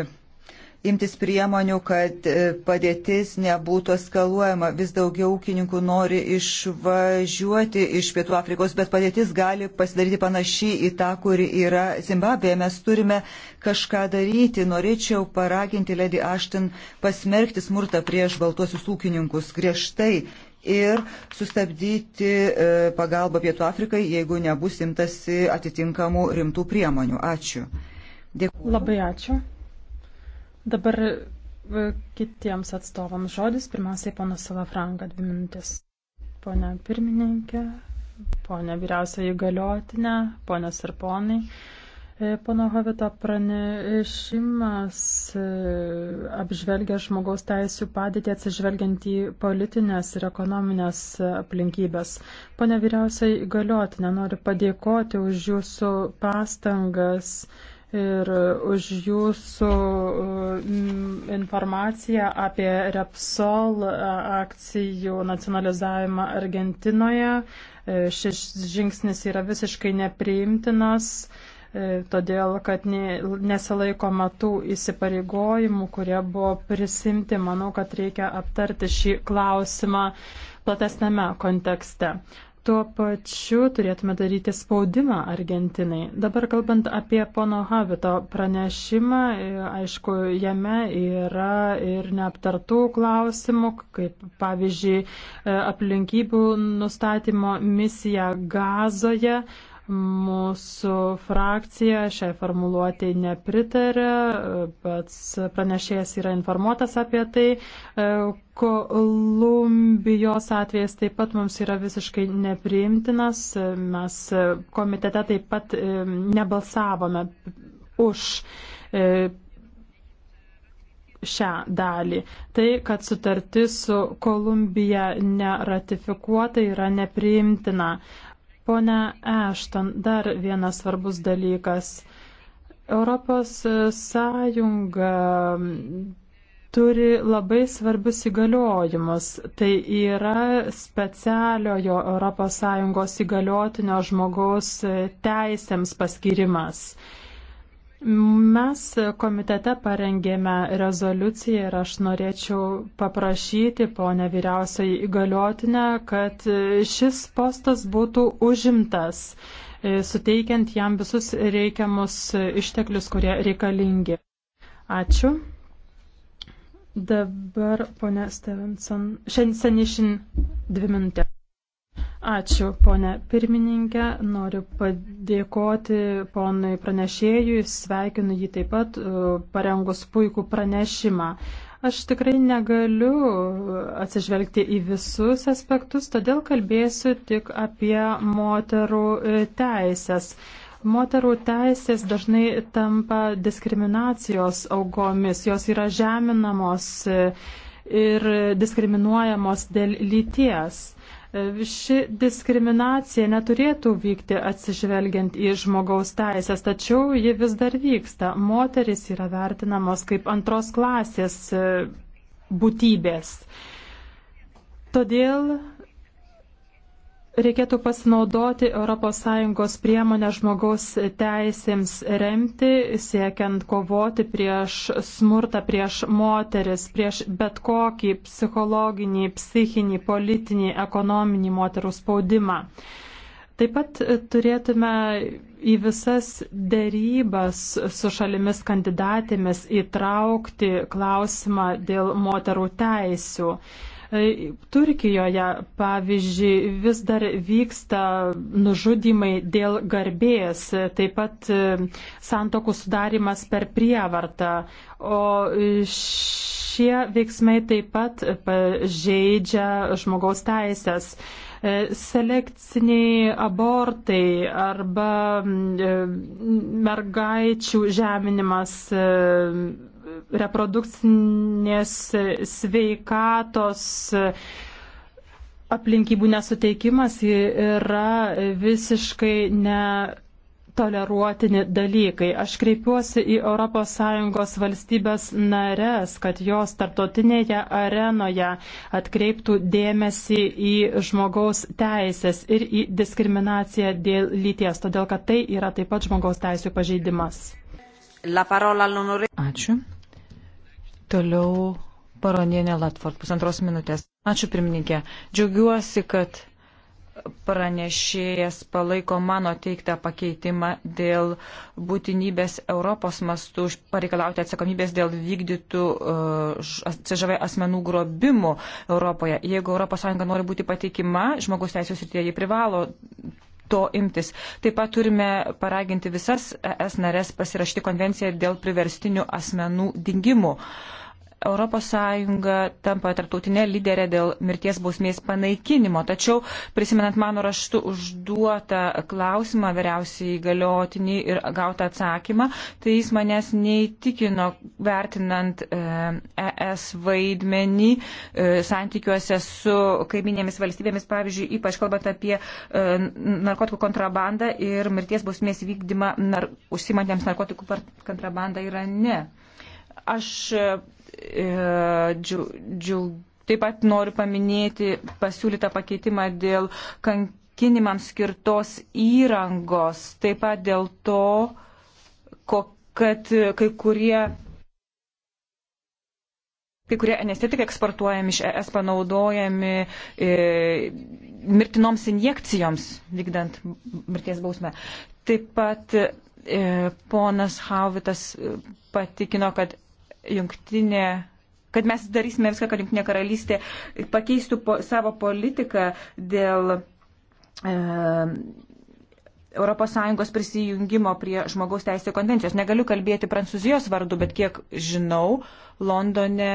imtis priemonių, kad e, padėtis nebūtų eskaluojama. Vis daugiau ūkininkų nori išvažiuoti iš Pietų Afrikos, bet padėtis gali pasidaryti panaši į tą, kuri yra Zimbabvėje. Mes turime kažką daryti. Norėčiau paraginti Ledi Ašten pasmerkti smurtą prieš baltuosius ūkininkus griežtai. Ir sustabdyti e, pagalbą Pietų Afrikai, jeigu nebus imtasi atitinkamų rimtų priemonių. Ačiū. Dėkui. Labai ačiū. Dabar e, kitiems atstovams žodis. Pirmiausiai, ponas Salafranka, dvi minutės. Pone pirmininkė, pone vyriausioji galiotinė, ponios ir ponai. E, pono Hovito pranešimas e, apžvelgia žmogaus teisų padėtį atsižvelgiant į politinės ir ekonominės aplinkybės. Pone vyriausiai galiotinė, noriu padėkoti už jūsų pastangas ir už jūsų uh, informaciją apie Repsol uh, akcijų nacionalizavimą Argentinoje. Uh, šis žingsnis yra visiškai nepriimtinas, todėl kad nesilaikoma tų įsipareigojimų, kurie buvo prisimti. Manau, kad reikia aptarti šį klausimą platesnėme kontekste. Tuo pačiu turėtume daryti spaudimą Argentinai. Dabar kalbant apie pono Havito pranešimą, e, aišku, jame yra ir neaptartų klausimų, kaip pavyzdžiui e, aplinkybių nustatymo misija gazoje. Mūsų frakcija šiai formuluotėjai nepritarė, pats pranešėjas yra informuotas apie tai. Kolumbijos atvejas taip pat mums yra visiškai nepriimtinas. Mes komitete taip pat e, nebalsavome už e, šią dalį. Tai, kad sutartis su Kolumbija neratifikuota, yra nepriimtina. Pone Ešton, dar vienas svarbus dalykas. Europos Sąjunga turi labai svarbius įgaliojimus. Tai yra specialiojo ES įgaliotinio žmogaus teisėms paskirimas. Mes komitete parengėme rezoliuciją ir aš norėčiau paprašyti ponę vyriausiai įgaliotinę, kad šis postas būtų užimtas, e, suteikiant jam visus reikiamus išteklius, kurie reikalingi. Ačiū. Dabar ponė Stevenson. Šiandien senišin dvi minutės. Ačiū, ponė pirmininkė. Noriu padėkoti ponui pranešėjui, sveikinu jį taip pat e, parengus puikų pranešimą. Aš tikrai negaliu e, atsižvelgti į visus aspektus, todėl kalbėsiu tik apie moterų e, teisės. Moterų teisės dažnai tampa diskriminacijos augomis, jos yra žeminamos ir diskriminuojamos dėl lyties. Ši diskriminacija neturėtų vykti atsižvelgiant į žmogaus teisės, tačiau ji vis dar vyksta. Moteris yra vertinamos kaip antros klasės e, būtybės. Todėl reikėtų pasinaudoti ES priemonę žmogaus teisėms remti, siekiant kovoti prieš smurtą, prieš moteris, prieš bet kokį psichologinį, psichinį, politinį, ekonominį moterų spaudimą. Taip pat turėtume į visas dėrybas su šalimis kandidatėmis įtraukti klausimą dėl moterų teisių. E, Turkijoje, pavyzdžiui, vis dar vyksta nužudimai dėl garbės, taip pat e, santokų sudarimas per prievartą, o šie veiksmai taip pat pažeidžia žmogaus teisės e, selekciniai abortai arba mergaičių žeminimas reprodukcinės sveikatos aplinkybų nesuteikimas yra visiškai ne toleruotini dalykai. Aš kreipiuosi į ES valstybės nares, kad jos tarptautinėje arenoje atkreiptų dėmesį į žmogaus teisės ir į diskriminaciją dėl lyties, todėl kad tai yra taip pat žmogaus teisų pažeidimas. Ačiū. Toliau paronienė Latford, pusantros minutės. Ačiū pirmininkė. Džiaugiuosi, kad pranešėjas palaiko mano teiktą pakeitimą dėl būtinybės Europos mastų pareikalauti atsakomybės dėl vykdytų uh, CŽV asmenų grobimų Europoje. Jeigu ES nori būti patikima, žmogus teisės ir tie jie privalo to imtis. Taip pat turime paraginti visas ES narės pasirašyti konvenciją dėl priverstinių asmenų dingimų. Uh, ES tampa tarptautinė lyderė dėl mirties bausmės panaikinimo. Tačiau, prisimenant mano raštu užduotą klausimą vyriausiai galiotinį ir gautą atsakymą, tai jis manęs neįtikino vertinant ES e vaidmenį e, santykiuose su kaiminėmis valstybėmis, pavyzdžiui, ypač kalbant apie e, narkotikų kontrabandą ir mirties bausmės vykdymą nar užsimantiems narkotikų kontrabandą Irane. Aš E, džiaugiu. Taip pat noriu paminėti pasiūlytą pakeitimą dėl kankinimams skirtos įrangos, taip pat dėl to, kad kai kurie kai kurie anestetikai eksportuojami iš ES panaudojami e, mirtinoms injekcijoms, vykdant mirties bausmę. Taip pat e, ponas Hauvitas e, patikino, kad jungtinė kad mes darysime viską, kad Junktinė karalystė pakeistų po, savo politiką dėl e, ES prisijungimo prie žmogaus teisė konvencijos. Negaliu kalbėti Prancūzijos vardu, bet kiek žinau, Londone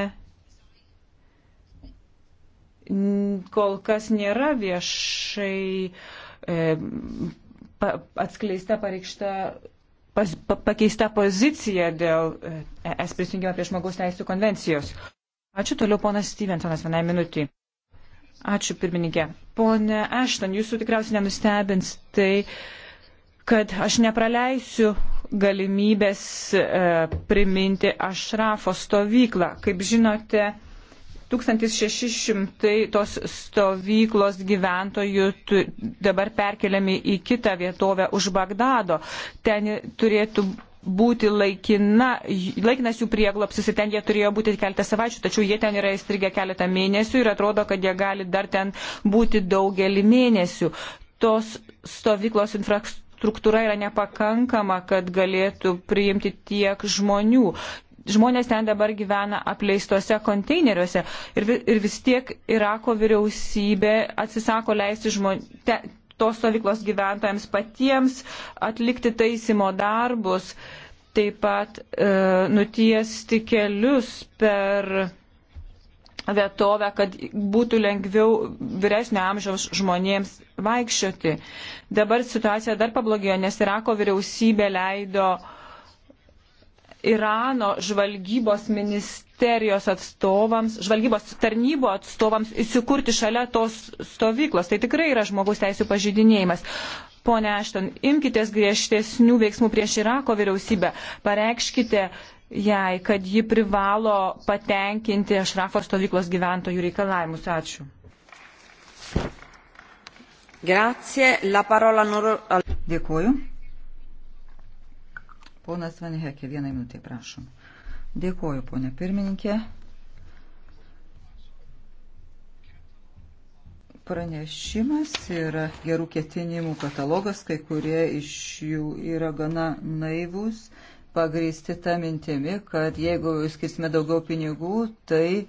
kol kas nėra viešai e, pa, atskleista pareikšta pas, pa, pakeista pozicija dėl e, es prisijungimo prie žmogaus teisų konvencijos. Ačiū toliau, ponas Stevensonas, vienai minutį. Ačiū, pirmininkė. Pone Ešton, jūsų tikriausiai nenustebins tai, kad aš nepraleisiu galimybės e, priminti Ašrafo stovyklą. Kaip žinote, 1600 tos stovyklos gyventojų dabar perkeliami į kitą vietovę už Bagdado. Ten turėtų būti laikina, laikinas jų prieglopsis ir ten jie turėjo būti keletą savaičių, tačiau jie ten yra įstrigę keletą mėnesių ir atrodo, kad jie gali dar ten būti daugelį mėnesių. Tos stovyklos infrastruktūra yra nepakankama, kad galėtų priimti tiek žmonių žmonės ten dabar gyvena apleistuose konteineriuose ir, ir vis tiek Irako vyriausybė atsisako leisti žmonėms, tos stovyklos gyventojams patiems atlikti taisimo darbus, taip pat e, nutiesti kelius per vietovę, kad būtų lengviau vyresnio amžiaus žmonėms vaikščioti. Dabar situacija dar pablogėjo, nes Irako vyriausybė leido uh, Irano žvalgybos ministerijos atstovams, žvalgybos tarnybo atstovams įsikurti šalia tos stovyklos. Tai tikrai yra žmogaus teisų pažydinėjimas. Pone Ašton, imkitės griežtesnių veiksmų prieš Irako vyriausybę. Pareikškite jai, kad ji privalo patenkinti Ašrafo stovyklos gyventojų reikalavimus. Ačiū. Grazie, la parola... Dėkuoju. Ponas Vanhekė, vieną minutę prašom. Dėkuoju, ponė pirmininkė. Pranešimas yra gerų ketinimų katalogas, kai kurie iš jų yra gana naivus, pagrįsti tą mintimi, kad jeigu skirsime daugiau pinigų, tai e,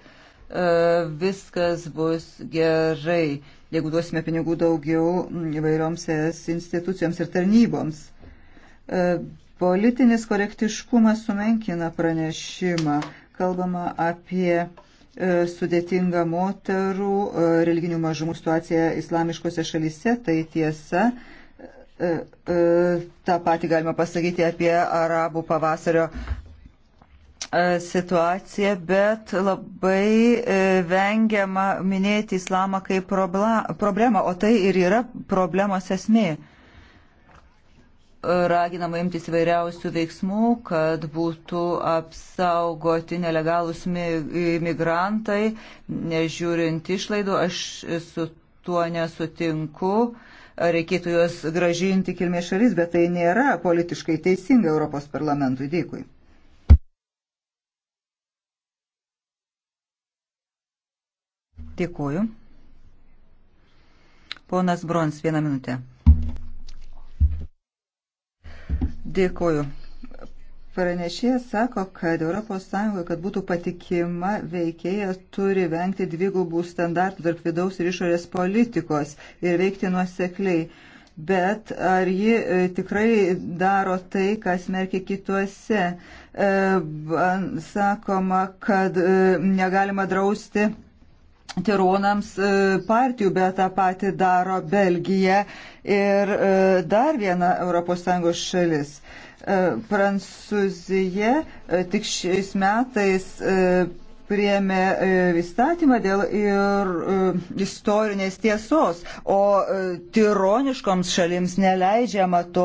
viskas bus gerai, jeigu duosime pinigų daugiau įvairioms institucijoms ir tarnyboms. E, Politinis korektiškumas sumenkina pranešimą. Kalbama apie e, sudėtinga moterų e, religinių mažumų situacija islamiškose šalyse, tai tiesa. E, Ta pati galima pasakyti apie arabų pavasario situaciją, bet labai vengiama minėti islamą kaip problemą, o tai ir yra problemos esmė raginama imtis vairiausių veiksmų, kad būtų apsaugoti nelegalus imigrantai, nežiūrint išlaidų. Aš su tuo nesutinku. Reikėtų juos gražinti kilmės šalis, bet tai nėra politiškai teisinga Europos parlamentui. Dėkui. Dėkuoju. Ponas Brons, vieną minutę. Dėkoju. Pranešėjas sako, kad ES, kad būtų patikima veikėja, turi vengti dvigubų standartų tarp vidaus ir išorės politikos ir veikti nuosekliai. Bet ar ji e, tikrai daro tai, kas merkia kituose? E, sakoma, kad e, negalima drausti tironams e, partijų, bet tą patį daro Belgija ir e, dar viena ES šalis. E, Prancūzija tik šiais metais priėmė įstatymą dėl ir istorinės tiesos, o tironiškoms šalims neleidžiama to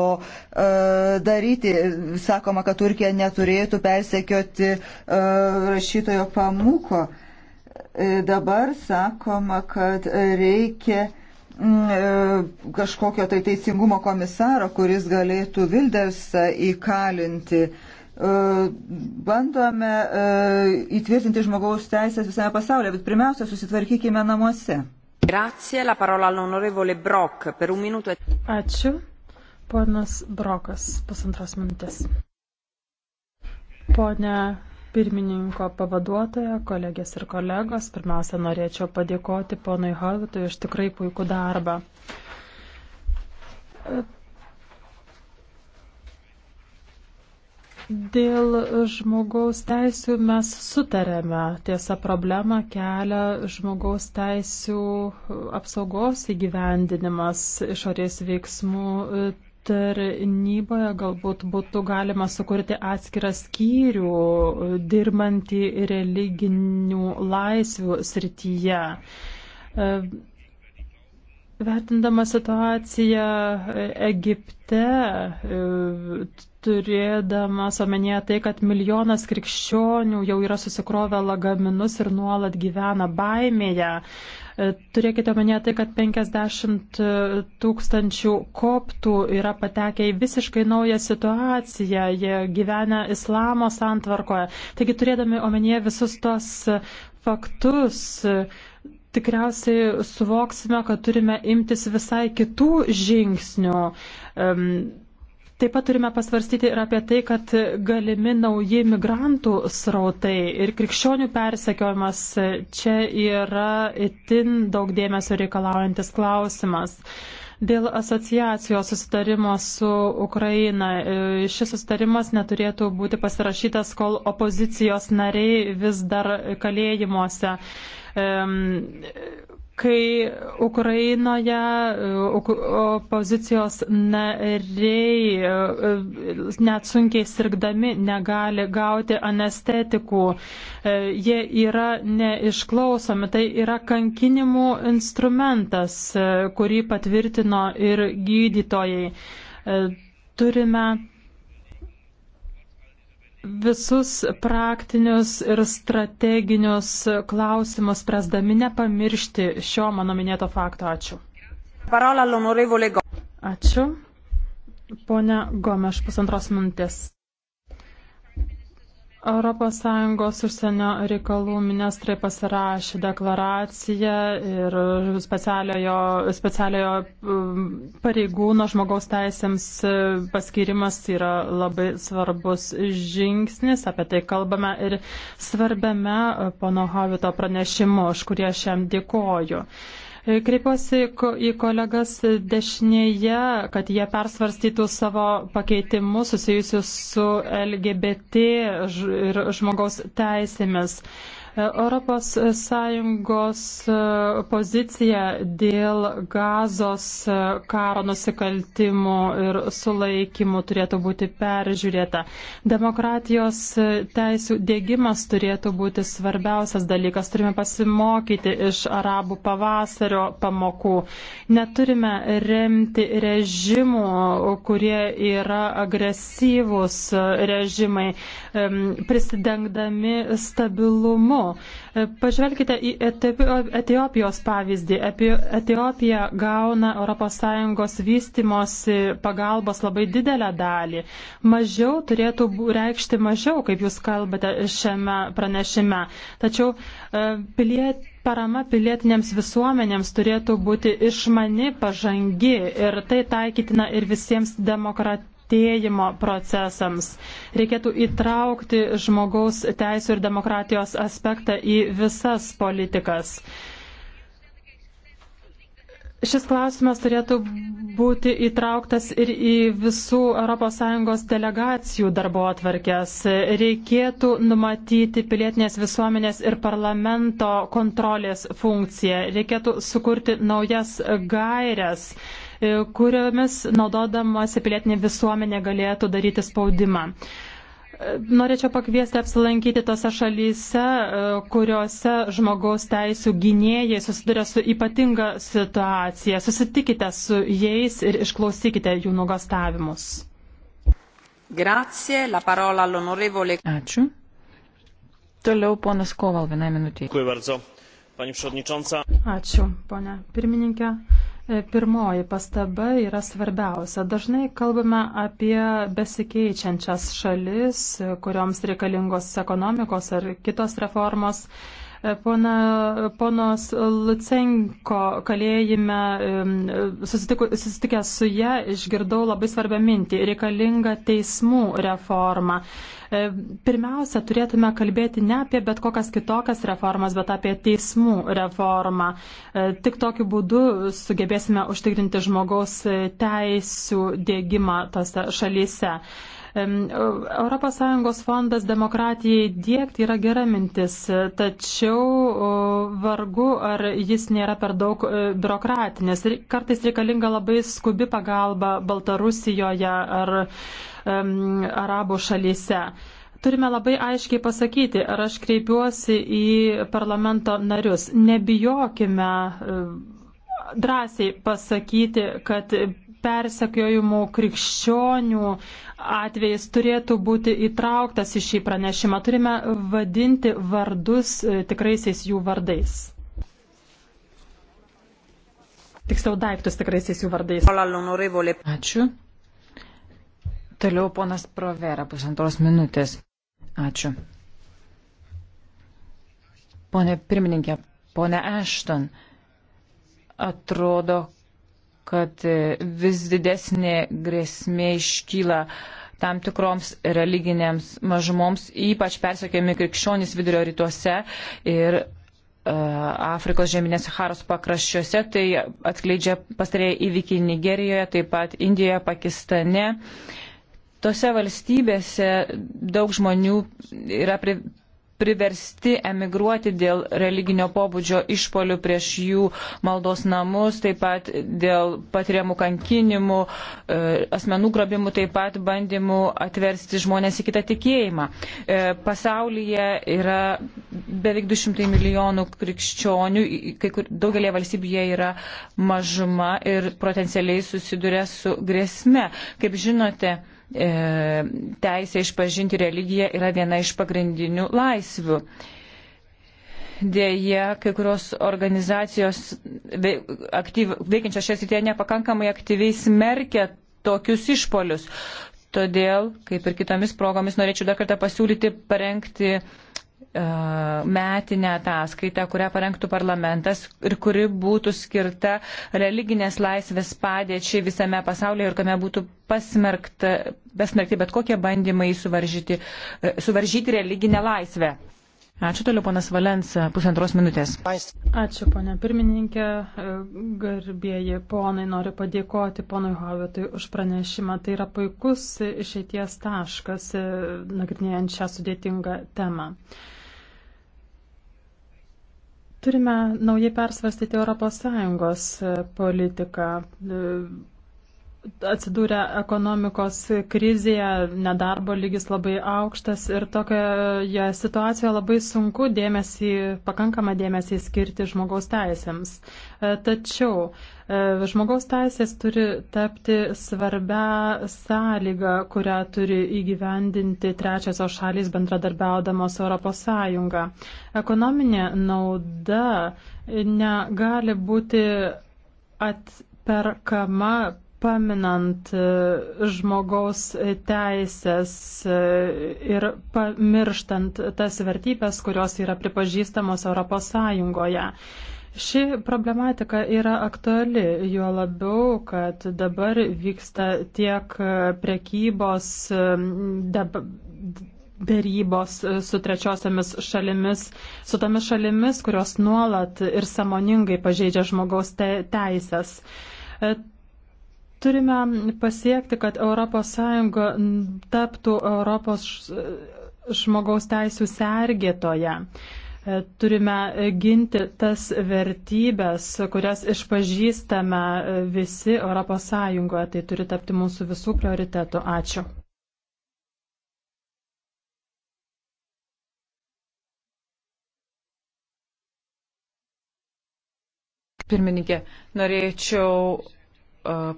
daryti. Sakoma, kad Turkija neturėtų persekioti rašytojo pamuko. E, dabar sakoma, kad reikia mm, e, kažkokio tai teisingumo komisaro, kuris galėtų Vildersą įkalinti. E, bandome įtvirtinti žmogaus teisės visame pasaulyje, bet pirmiausia, susitvarkykime namuose. Grazie, la parola all'onorevole Brock per un minuto. Ačiū. Ponas Brokas, pusantros minutės. Pone pirmininko pavaduotoja, kolegės ir kolegos. Pirmiausia, norėčiau padėkoti ponui Havitui už tikrai puikų darbą. Dėl žmogaus teisių mes sutarėme. Tiesa, problema kelia žmogaus teisių apsaugos įgyvendinimas išorės veiksmų tarnyboje galbūt būtų galima sukurti atskirą skyrių dirbantį religinių laisvių srityje. E, vertindama situaciją Egipte, e, turėdamas omenyje tai, kad milijonas krikščionių jau yra susikrovę lagaminus ir nuolat gyvena baimėje, E, turėkite omenyje tai, kad 50 e, tūkstančių koptų yra patekę į visiškai naują situaciją, jie gyvena islamo santvarkoje. Taigi turėdami omenyje visus tos e, faktus, tikriausiai suvoksime, kad turime imtis visai kitų žingsnių. Um, Taip pat turime pasvarstyti ir apie tai, kad galimi nauji migrantų srautai ir krikščionių persekiojimas čia yra itin daug dėmesio reikalaujantis klausimas. Dėl asociacijos susitarimo su Ukraina. Šis susitarimas neturėtų būti pasirašytas, kol opozicijos nariai vis dar kalėjimuose kai Ukrainoje e, opozicijos nariai e, net sunkiai sirgdami negali gauti anestetikų. E, jie yra neišklausomi. Tai yra kankinimų instrumentas, kurį patvirtino ir gydytojai. Turime visus praktinius ir strateginius klausimus spręsdami nepamiršti šio mano minėto fakto. Ačiū. Ačiū. Pone Gomeš, pusantros minutės. ES užsienio reikalų ministrai pasirašė deklaraciją ir specialiojo, specialiojo um, pareigūno žmogaus teisėms uh, paskirimas yra labai svarbus žingsnis. Apie tai kalbame ir svarbiame uh, pono Havito pranešimu, už kurį aš jam dėkoju. E, kreipiuosi į kolegas dešinėje, kad jie persvarstytų savo pakeitimus susijusius su LGBT ir žmogaus teisėmis. ES e, pozicija dėl gazos e, karo nusikaltimų ir sulaikymų turėtų būti peržiūrėta. Demokratijos e, teisų dėgymas turėtų būti svarbiausias dalykas. Turime pasimokyti iš arabų pavasario pamokų. Neturime remti režimų, kurie yra agresyvūs režimai, prisidengdami stabilumu įdomu. E, pažvelkite į Etiopijos pavyzdį. Etiopija gauna ES vystimosi pagalbos labai didelę dalį. Mažiau turėtų reikšti mažiau, kaip jūs kalbate šiame pranešime. Tačiau e, piliet, parama pilietinėms visuomenėms turėtų būti išmani, pažangi ir tai taikytina ir visiems demokratijos artėjimo procesams. Reikėtų įtraukti žmogaus teisų ir demokratijos aspektą į visas politikas. Šis klausimas turėtų būti įtrauktas ir į visų ES delegacijų darbo atvarkės. Reikėtų numatyti pilietinės visuomenės ir parlamento kontrolės funkciją. Reikėtų sukurti naujas gairias kuriomis naudodamasi pilietinė visuomenė galėtų daryti spaudimą. Norėčiau pakviesti apsilankyti tose šalyse, kuriuose žmogaus teisų gynėjai susiduria su ypatinga situacija. Susitikite su jais ir išklausykite jų nuogastavimus. Ačiū. Toliau ponas Koval, vienai minutė. Ačiū, ponia pirmininkė. E, pirmoji pastaba yra svarbiausia. Dažnai kalbame apie besikeičiančias šalis, e, kurioms reikalingos ekonomikos ar kitos reformos. Pona, ponos Lucenko kalėjime susitikęs su ją išgirdau labai svarbią mintį - reikalinga teismų reforma. E, pirmiausia, turėtume kalbėti ne apie bet kokias kitokias reformas, bet apie teismų reformą. E, tik tokiu būdu sugebėsime užtikrinti žmogaus teisų dėgymą tose šalyse. ES fondas demokratijai dėkti yra gera mintis, tačiau vargu ar jis nėra per daug e, biurokratinis. Kartais reikalinga labai skubi pagalba Baltarusijoje ar um, Arabų šalyse. Turime labai aiškiai pasakyti, ar aš kreipiuosi į parlamento narius. Nebijokime e, drąsiai pasakyti, kad persekiojimų krikščionių atvejais turėtų būti įtrauktas į šį pranešimą. Turime vadinti vardus e, tikraisiais jų vardais. Tiksliau daiktus tikraisiais jų vardais. Ačiū. Toliau ponas Provera, pusantros minutės. Ačiū. Pone pirmininkė, pone Ešton, atrodo, kad vis didesnė grėsmė iškyla tam tikroms religinėms mažumoms, ypač persiekiami krikščionys vidurio rytuose ir uh, Afrikos žemynės Saharos pakraščiuose. Tai atskleidžia pastarėjai įvykiai Nigerijoje, taip pat Indijoje, Pakistane. Tose valstybėse daug žmonių yra pri, priversti emigruoti dėl religinio pobūdžio išpolių prieš jų maldos namus, taip pat dėl patiriamų kankinimų, e, asmenų grobimų, taip pat bandymų atversti žmonės į kitą tikėjimą. E, pasaulyje yra beveik 200 milijonų krikščionių, kai kur daugelie valstybėje yra mažuma ir potencialiai susiduria su grėsme. Kaip žinote, E, teisė išpažinti religiją yra viena iš pagrindinių laisvių. Dėja, kai kurios organizacijos aktyv, veikiančios šią srityje nepakankamai aktyviai smerkia tokius išpolius. Todėl, kaip ir kitomis progomis, norėčiau dar kartą pasiūlyti parengti uh, E, metinę ataskaitą, kurią parengtų parlamentas ir kuri būtų skirta religinės laisvės padėčiai visame pasaulyje ir kame būtų pasmerkti bet kokie bandymai suvaržyti, e, suvaržyti religinę laisvę. Ačiū toliau, ponas Valens, pusantros minutės. Ačiū, ponė pirmininkė. E, Garbėjai ponai, noriu padėkoti ponui Hovitui už pranešimą. Tai yra puikus išeities taškas, nagrinėjant šią sudėtingą temą. Turime naujai persvarstyti ES e, politiką. E, Atsidūrę ekonomikos krizėje, nedarbo lygis labai aukštas ir tokioje situacijoje labai sunku dėmesį, pakankamą dėmesį skirti žmogaus teisėms. E, tačiau E, žmogaus teisės turi tapti svarbia sąlyga, kurią turi įgyvendinti trečiosios šalys bendradarbiaudamos Europos Sąjunga. Ekonominė nauda negali būti atperkama paminant e, žmogaus teisės e, ir pamirštant tas vertybės, kurios yra pripažįstamos Europos Sąjungoje. Ši problematika yra aktuali, juo labiau, kad dabar vyksta tiek prekybos dėrybos su trečiosiamis šalimis, su tomis šalimis, kurios nuolat ir samoningai pažeidžia žmogaus te teisės. E, turime pasiekti, kad ES taptų Europos žmogaus teisų sergėtoje. E, turime e, ginti tas vertybės, kurias išpažįstame e, visi ES. Tai turi tapti mūsų visų prioritetų. Ačiū. Pirmininkė, norėčiau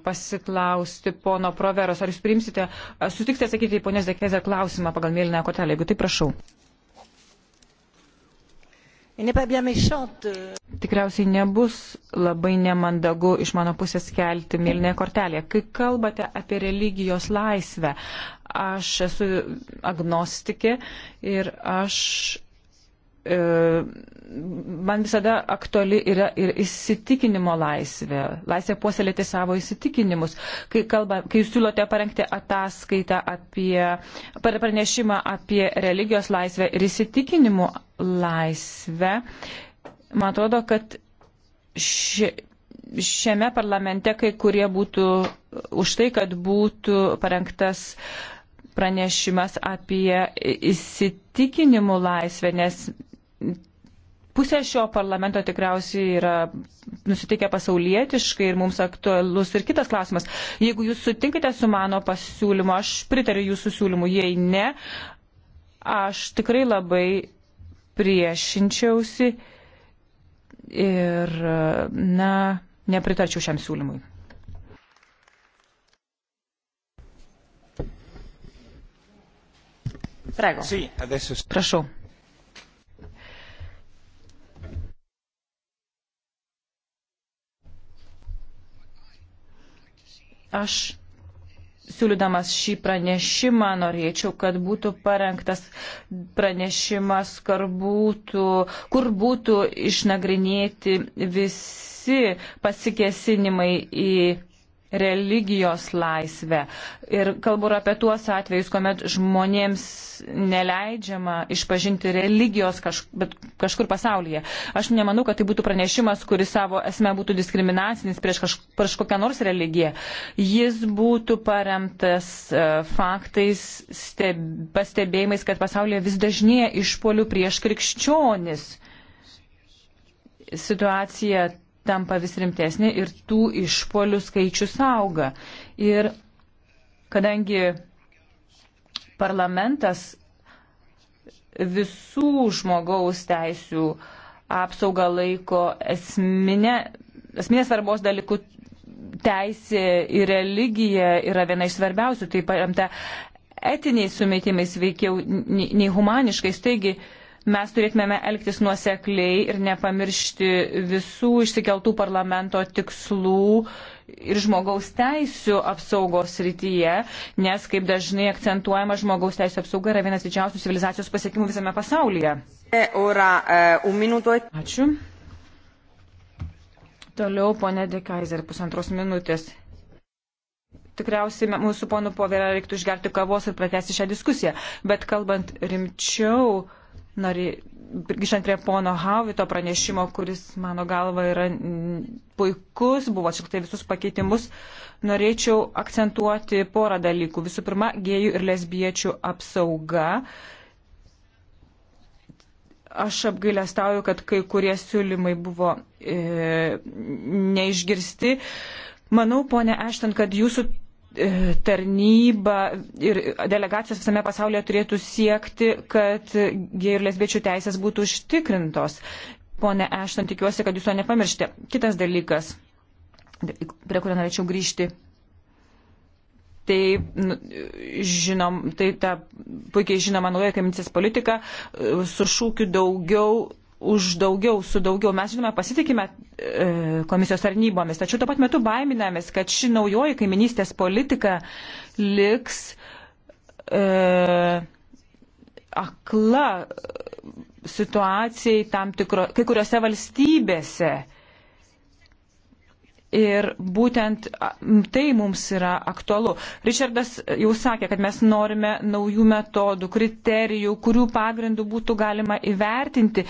pasiklausti pono Proveros, ar jūs priimsite, sutiksite atsakyti į ponės Dekvezer klausimą pagal mėlyną kortelę, jeigu tai prašau. Tikriausiai nebus labai nemandagu iš mano pusės kelti mėlynę kortelę. Kai kalbate apie religijos laisvę, aš esu agnostikė ir aš E, man visada aktuali yra ir įsitikinimo laisvė. Laisvė puoselėti savo įsitikinimus. Kai, kalba, kai jūs siūlote parengti ataskaitą apie, pranešimą apie religijos laisvę ir įsitikinimų laisvę, man atrodo, kad ši, šiame parlamente kai kurie būtų už tai, kad būtų parengtas pranešimas apie įsitikinimų laisvę, nes Pusė šio parlamento tikriausiai yra nusiteikę pasaulietiškai ir mums aktualus ir kitas klausimas. Jeigu jūs sutinkate su mano pasiūlymu, aš pritariu jūsų siūlymu, jei ne, aš tikrai labai priešinčiausi ir, na, nepritarčiau šiam siūlymui. Prego. Prašau. Aš siūlydamas šį pranešimą norėčiau, kad būtų parengtas pranešimas, būtų, kur būtų išnagrinėti visi pasikesinimai į religijos laisvę. Ir kalbu apie tuos atvejus, kuomet žmonėms neleidžiama išpažinti religijos kaž, kažkur pasaulyje. Aš nemanau, kad tai būtų pranešimas, kuris savo esme būtų diskriminacinis prieš, kaž, prieš kokią nors religiją. Jis būtų paremtas uh, faktais, steb, pastebėjimais, kad pasaulyje vis dažnėja išpolių prieš krikščionis situacija tampa vis rimtesnė ir tų išpolių skaičius auga. Ir kadangi parlamentas visų žmogaus teisių apsaugą laiko esminė, esminės svarbos dalykų teisė ir religija yra viena iš svarbiausių, tai paremta etiniais sumetimais veikiau nei humaniškais. Taigi, uh, mes turėtumėme elgtis nuosekliai ir nepamiršti visų išsikeltų parlamento tikslų ir žmogaus teisų apsaugos rytyje, nes, kaip dažnai akcentuojama, žmogaus teisų apsauga yra vienas didžiausių civilizacijos pasiekimų visame pasaulyje. E, e, e- Ačiū. Toliau, ponė Dekaiser, pusantros minutės tikriausiai mūsų ponų povėra reiktų išgerti kavos ir pratesti šią diskusiją. Bet kalbant rimčiau, Nori, grįžtant prie pono Havito pranešimo, kuris mano galva yra puikus, buvo atšiltai visus pakeitimus, norėčiau akcentuoti porą dalykų. Visų pirma, gėjų ir lesbiečių apsauga aš apgailestauju, kad kai kurie siūlymai buvo e, neišgirsti. Manau, ponė Ešten, kad jūsų E, tarnyba ir delegacijos visame pasaulyje turėtų siekti, kad gėjų ir lesbiečių teisės būtų užtikrintos. Pone Ešton, tikiuosi, kad jūs to nepamirštė. Kitas dalykas, prie kurio norėčiau grįžti. Tai, nu, žinom, tai ta puikiai žinoma nauja kaimincės politika e, su šūkiu daugiau už daugiau, su daugiau. Mes, žinome, pasitikime E, komisijos tarnybomis. Tačiau tuo pat metu baiminamės, kad ši naujoji kaiminystės politika liks e, akla e, situacijai tam tikro, kai kuriuose valstybėse. Ir būtent tai mums yra aktualu. Richardas jau sakė, kad mes norime naujų metodų, kriterijų, kurių pagrindų būtų galima įvertinti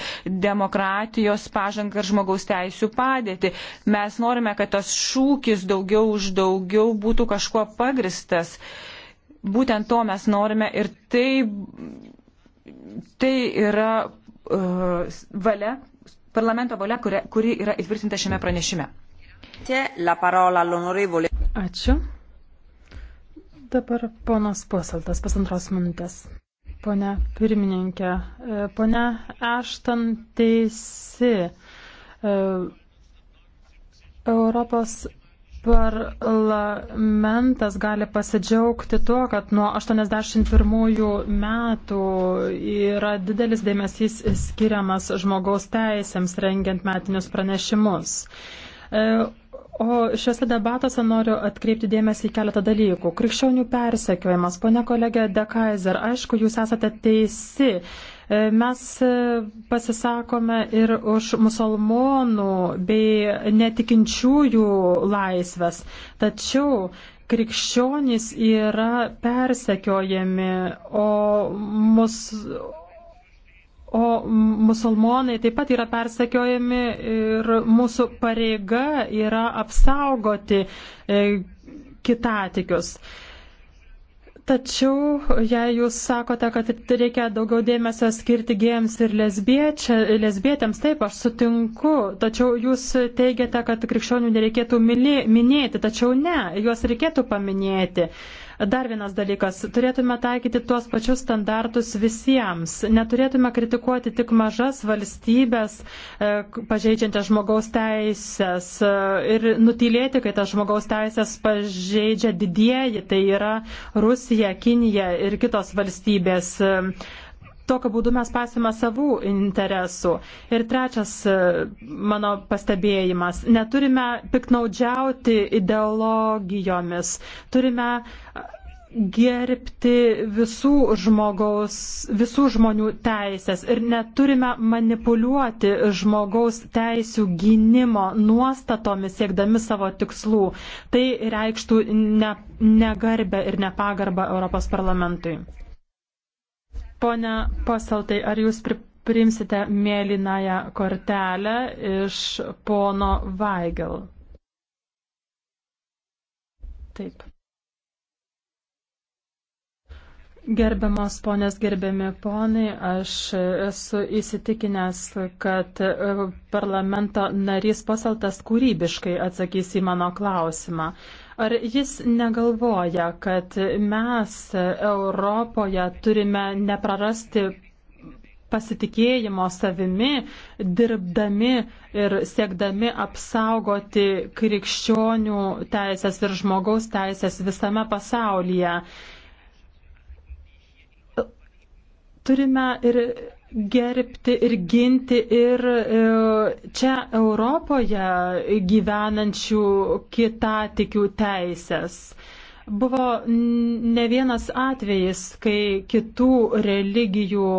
demokratijos pažangą ir žmogaus teisų padėtį. Mes norime, kad tas šūkis daugiau už daugiau būtų kažkuo pagristas. Būtent to mes norime ir tai, tai yra uh, valia, parlamento valia, kuri, kuri yra įtvirtinta šiame pranešime. Ačiū. Dabar ponas Posaltas, pasantros minutės. Pone pirmininkė, e, pone Ešton teisi. E, Europos parlamentas gali pasidžiaugti tuo, kad nuo 81 metų yra didelis dėmesys skiriamas žmogaus teisėms rengiant metinius pranešimus. E, o šiuose debatuose noriu atkreipti dėmesį į keletą dalykų. Krikščionių persekiojimas, ponia kolegė De Kaiser, aišku, jūs esate teisi. E, mes e, pasisakome ir už musulmonų bei netikinčiųjų laisvės, tačiau krikščionys yra persekiojami, o mus O musulmonai taip pat yra persekiojami ir mūsų pareiga yra apsaugoti e, kitatikius. Tačiau, jei jūs sakote, kad reikia daugiau dėmesio skirti gėjams ir lesbietėms, taip, aš sutinku. Tačiau jūs teigiate, kad krikščionių nereikėtų minėti, tačiau ne, juos reikėtų paminėti. Uh, Dar vienas dalykas. Turėtume taikyti tuos pačius standartus visiems. Neturėtume kritikuoti tik mažas valstybės, e, pažeidžiančias žmogaus teisės e, ir nutylėti, kai tas žmogaus teisės pažeidžia didieji. Tai yra Rusija, Kinija ir kitos valstybės. Tokiu būdu mes pasime savų interesų. Ir trečias e, mano pastebėjimas - neturime piknaudžiauti ideologijomis, turime e, gerbti visų, žmogaus, visų žmonių teisės ir neturime manipuliuoti žmogaus teisų gynimo nuostatomis siekdami savo tikslų. Tai reikštų ne, negarbę ir nepagarbą Europos parlamentui. Pone Pasaltai, ar jūs priimsite mėlynąją kortelę iš pono Vaigel? Taip. Gerbiamas ponės, gerbiami ponai, aš esu įsitikinęs, kad e, parlamento narys pasaltas kūrybiškai atsakys į mano klausimą. Ar jis negalvoja, kad mes Europoje turime neprarasti pasitikėjimo savimi, dirbdami ir siekdami apsaugoti krikščionių teisės ir žmogaus teisės visame pasaulyje? Turime ir gerbti ir ginti ir e, čia Europoje gyvenančių kitatikių teisės. Buvo ne vienas atvejis, kai kitų religijų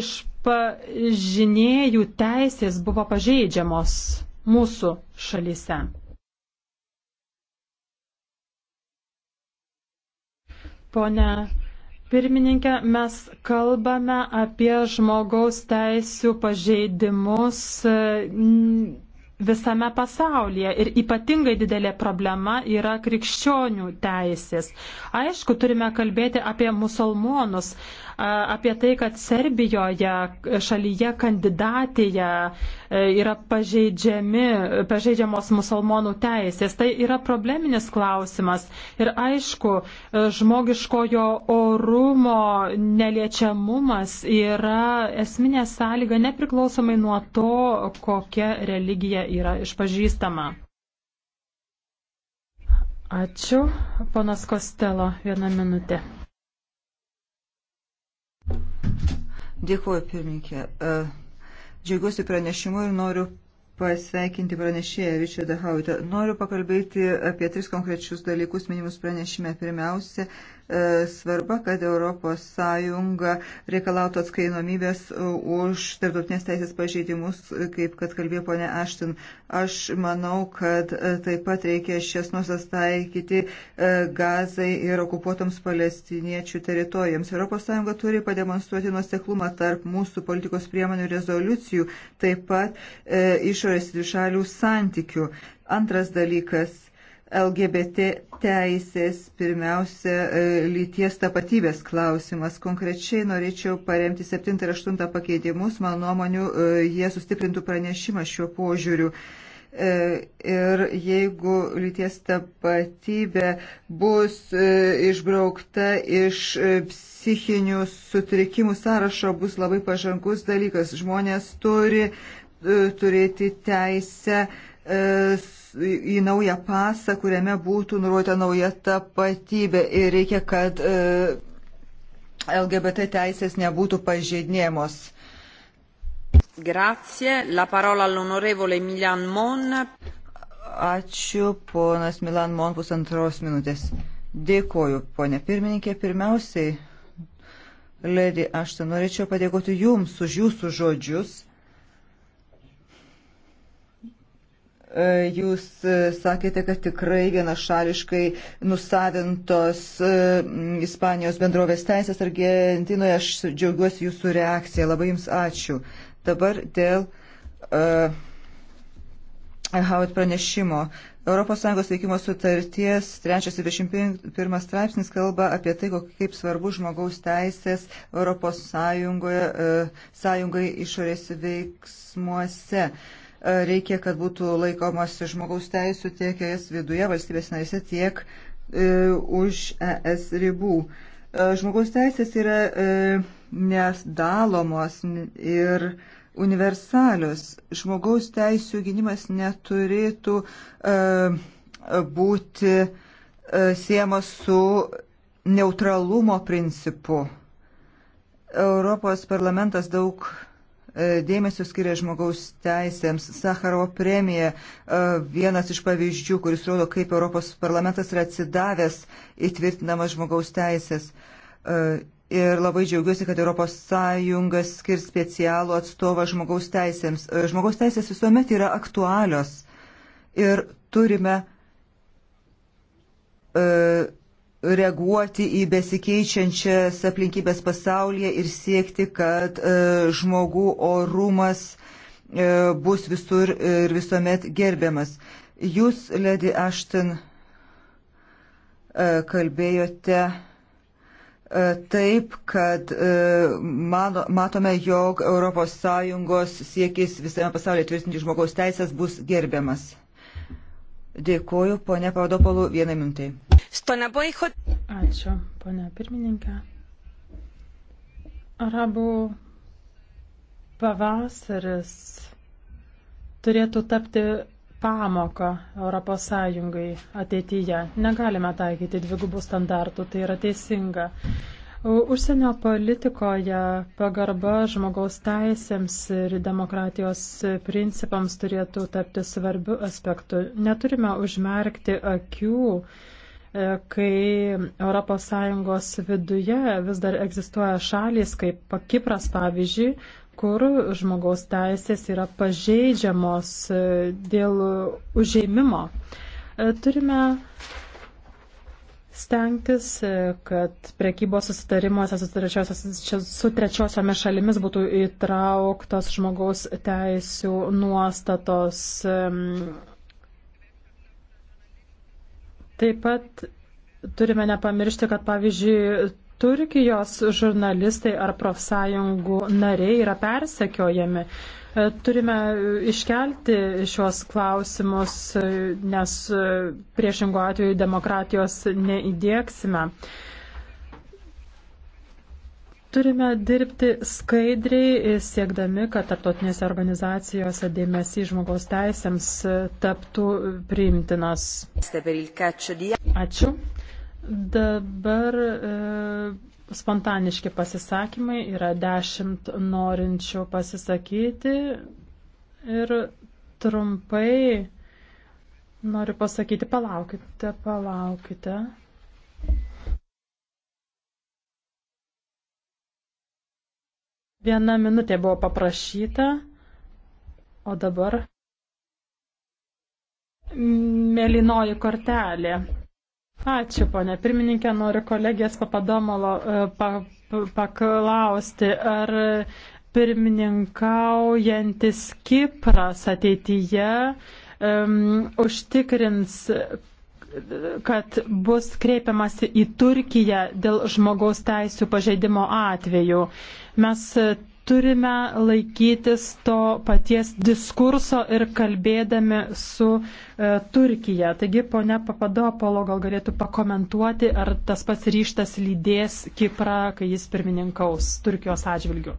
išpažinėjų teisės buvo pažeidžiamos mūsų šalyse. Pone pirmininkė, mes kalbame apie žmogaus teisų pažeidimus mm, visame pasaulyje ir ypatingai didelė problema yra krikščionių teisės. Aišku, turime kalbėti apie musulmonus, apie tai, kad Serbijoje e, šalyje kandidatėje e, yra pažeidžiamos musulmonų teisės. Tai yra probleminis klausimas. Ir aišku, e, žmogiškojo orumo neliečiamumas yra esminė sąlyga nepriklausomai nuo to, kokia religija yra išpažįstama. Ačiū. Ponas Kostelo, vieną minutę. Dėkuoju, pirmininkė. E, džiaugiuosi pranešimu ir noriu pasveikinti pranešėją Richardą Hautą. Noriu pakalbėti apie tris konkrečius dalykus minimus pranešime. Pirmiausia, E, svarba, kad ES reikalautų atskainomybės e, už tarptautinės teisės pažeidimus, e, kaip kad kalbėjo ponė Aštin. Aš manau, kad taip pat reikia šias nuosas taikyti gazai ir okupuotoms palestiniečių teritorijoms. ES turi pademonstruoti nuoseklumą tarp mūsų politikos priemonių rezoliucijų, taip pat e, išorės dvišalių santykių. Antras dalykas LGBT teisės, pirmiausia, e, lyties tapatybės klausimas. Konkrečiai norėčiau paremti 7 ir 8 pakeitimus. Mano nuomonių, e, jie sustiprintų pranešimą šiuo požiūriu. E, ir jeigu lyties tapatybė bus išbraukta iš psichinių sutrikimų sąrašo, bus labai pažangus dalykas. Žmonės turi turėti teisę uh, E, į naują pasą, kuriame būtų nurodyta nauja tapatybė ir reikia, kad e, LGBT teisės nebūtų pažeidinėjamos. Grazie. La parola all'onorevole Milan Mon. Ačiū, ponas Milan Mon, pusantros minutės. Dėkoju, ponė pirmininkė. Pirmiausiai, Ledi, aš norėčiau padėkoti Jums už Jūsų žodžius E, jūs e, sakėte, kad tikrai vienašališkai nusavintos e, Ispanijos bendrovės teisės Argentinoje. Aš džiaugiuosi jūsų reakcija. Labai jums ačiū. Dabar dėl uh, Howard pranešimo. ES veikimo sutarties 321 straipsnis kalba apie tai, kaip svarbu žmogaus teisės ES uh, sąjungai išorės veiksmuose. Uh, Reikia, kad būtų laikomas žmogaus teisų tiek ES viduje, valstybės narėse, tiek e, už ES ribų. E, žmogaus teisės yra e, nesdalomos ir universalios. Žmogaus teisų gynimas neturėtų e, būti e, siemas su neutralumo principu. Europos parlamentas daug E, dėmesio skiria žmogaus teisėms. Sakarovo premija e, vienas iš pavyzdžių, kuris rodo, kaip Europos parlamentas yra atsidavęs įtvirtinamas žmogaus teisės. E, ir labai džiaugiuosi, kad ES skirs specialų atstovą žmogaus teisėms. Žmogaus teisės visuomet yra aktualios ir turime uh, reaguoti į besikeičiančias aplinkybės pasaulyje ir siekti, kad e, žmogų orumas e, bus visur ir visuomet gerbiamas. Jūs, Lady Ashton, e, kalbėjote taip, kad mano, matome, jog ES siekis visame pasaulyje tvirtinti žmogaus teisės bus gerbiamas. Dėkuoju, ponė Paudopolų, vieną minutę. Ačiū, ponė pirmininkė. Arabų pavasaris turėtų tapti pamoką Europos Sąjungai ateityje. Negalime taikyti dvigubų standartų, tai yra teisinga. Užsienio politikoje pagarba žmogaus teisėms ir demokratijos principams turėtų tapti svarbiu aspektu. Neturime užmerkti akių, e, kai ES viduje vis dar egzistuoja šalys, kaip Kipras pavyzdžiui, kur žmogaus teisės yra pažeidžiamos e, dėl užėmimo. E, turime stengtis, e, kad prekybos susitarimuose su trečiosiomis šalimis būtų įtrauktos žmogaus teisų nuostatos. Taip pat turime nepamiršti, kad pavyzdžiui, Turkijos žurnalistai ar profsąjungų nariai yra persekiojami. E, turime e, iškelti šios klausimus, e, nes priešingo atveju demokratijos neįdėksime. Turime dirbti skaidriai, siekdami, kad tarptautinėse organizacijose dėmesys žmogaus teisėms taptų priimtinas. Ačiū. Dabar. E, spontaniški pasisakymai, yra dešimt norinčių pasisakyti ir trumpai noriu pasakyti, palaukite, palaukite. Viena minutė buvo paprašyta, o dabar mėlynoji kortelė. Ačiū, ponė. Pirmininkė, noriu kolegės Papadomolo e, pa, paklausti, ar pirmininkaujantis Kipras ateityje um, užtikrins kad bus kreipiamasi į Turkiją dėl žmogaus teisų pažeidimo atveju. Mes turime laikytis to paties diskurso ir kalbėdami su e, Turkija. Taigi, ponia Papadopolo gal galėtų pakomentuoti, ar tas pats ryštas lydės Kiprą, kai jis pirmininkaus Turkijos atžvilgiu.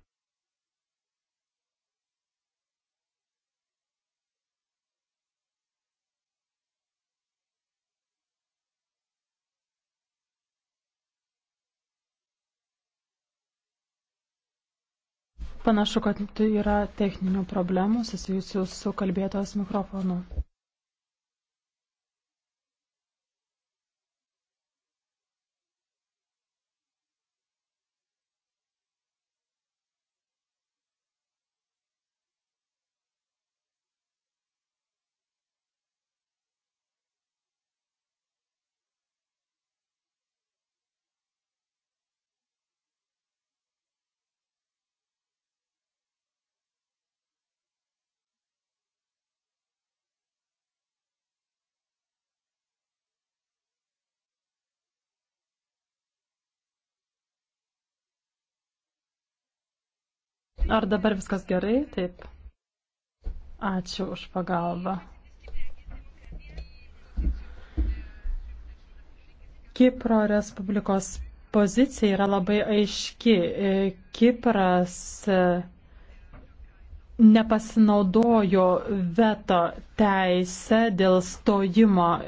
Panašu, kad tai yra techninių problemų susijusių su kalbėtos mikrofonu. Ar dabar viskas gerai? Taip. Ačiū už pagalbą. Kipro Respublikos pozicija yra labai aiški. E, Kipras e, nepasinaudojo veto teisę dėl stojimo e,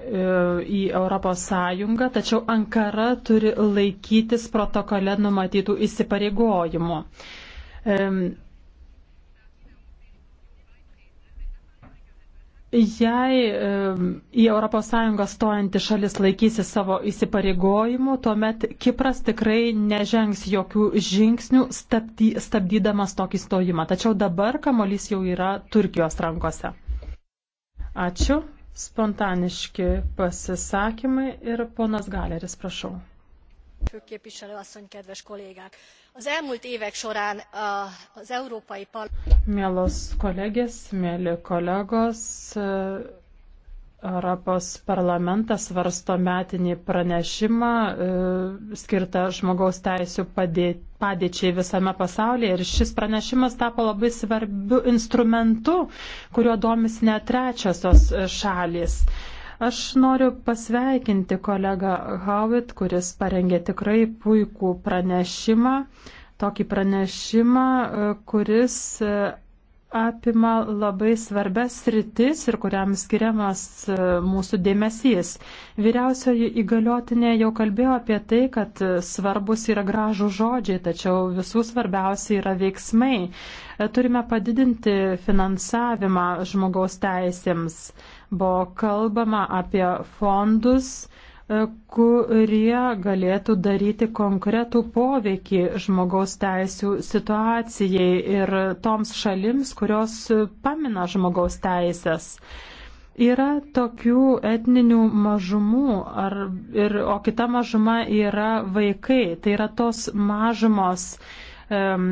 į Europos Sąjungą, tačiau Ankara turi laikytis protokole numatytų įsipareigojimų. Jei į ES stojanti šalis laikysi savo įsipareigojimų, tuomet Kipras tikrai nežengs jokių žingsnių stabdy, stabdydamas tokį stojimą. Tačiau dabar kamolys jau yra Turkijos rankose. Ačiū. Spontaniški pasisakymai ir ponas Galeris, prašau főképviselő asszony, kedves kollégák! Az elmúlt évek során az Európai Parlament... Mielos kolegės, mėly kolegos, Europos parlamentas svarsto metinį pranešimą skirtą žmogaus teisų padėčiai visame pasaulyje ir šis pranešimas tapo labai svarbiu instrumentu, kuriuo domis net trečiosios šalis. Aš noriu pasveikinti kolegą Howitt, kuris parengė tikrai puikų pranešimą, tokį pranešimą, e, kuris e, apima labai svarbes sritis ir kuriam skiriamas e, mūsų dėmesys. Vyriausioji įgaliotinė jau kalbėjo apie tai, kad svarbus yra gražų žodžiai, tačiau visų svarbiausia yra veiksmai. Turime padidinti finansavimą žmogaus teisėms. Buvo kalbama apie fondus, e, kurie galėtų daryti konkretų poveikį žmogaus teisų situacijai ir toms šalims, kurios pamina žmogaus teisės. Yra tokių etninių mažumų, ar, ir, o kita mažuma yra vaikai. Tai yra tos mažumos, um,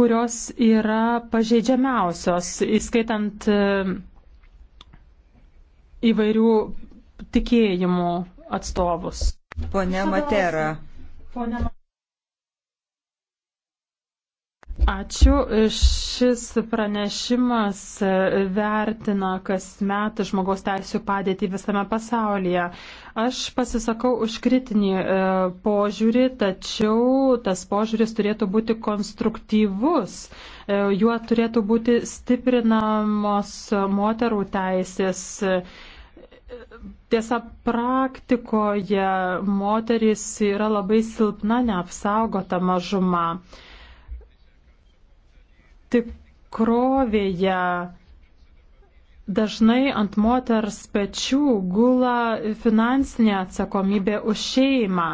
kurios yra pažeidžiamiausios, įskaitant um, įvairių tikėjimų atstovus. Pone Matera. Pone Matera. Ačiū. Šis pranešimas vertina kasmet žmogaus teisų padėtį visame pasaulyje. Aš pasisakau už kritinį e, požiūrį, tačiau tas požiūris turėtų būti konstruktyvus. E, juo turėtų būti stiprinamos moterų teisės Tiesa, praktikoje moteris yra labai silpna, neapsaugota mažuma. Tikrovėje dažnai ant moters pečių gula finansinė atsakomybė už šeimą.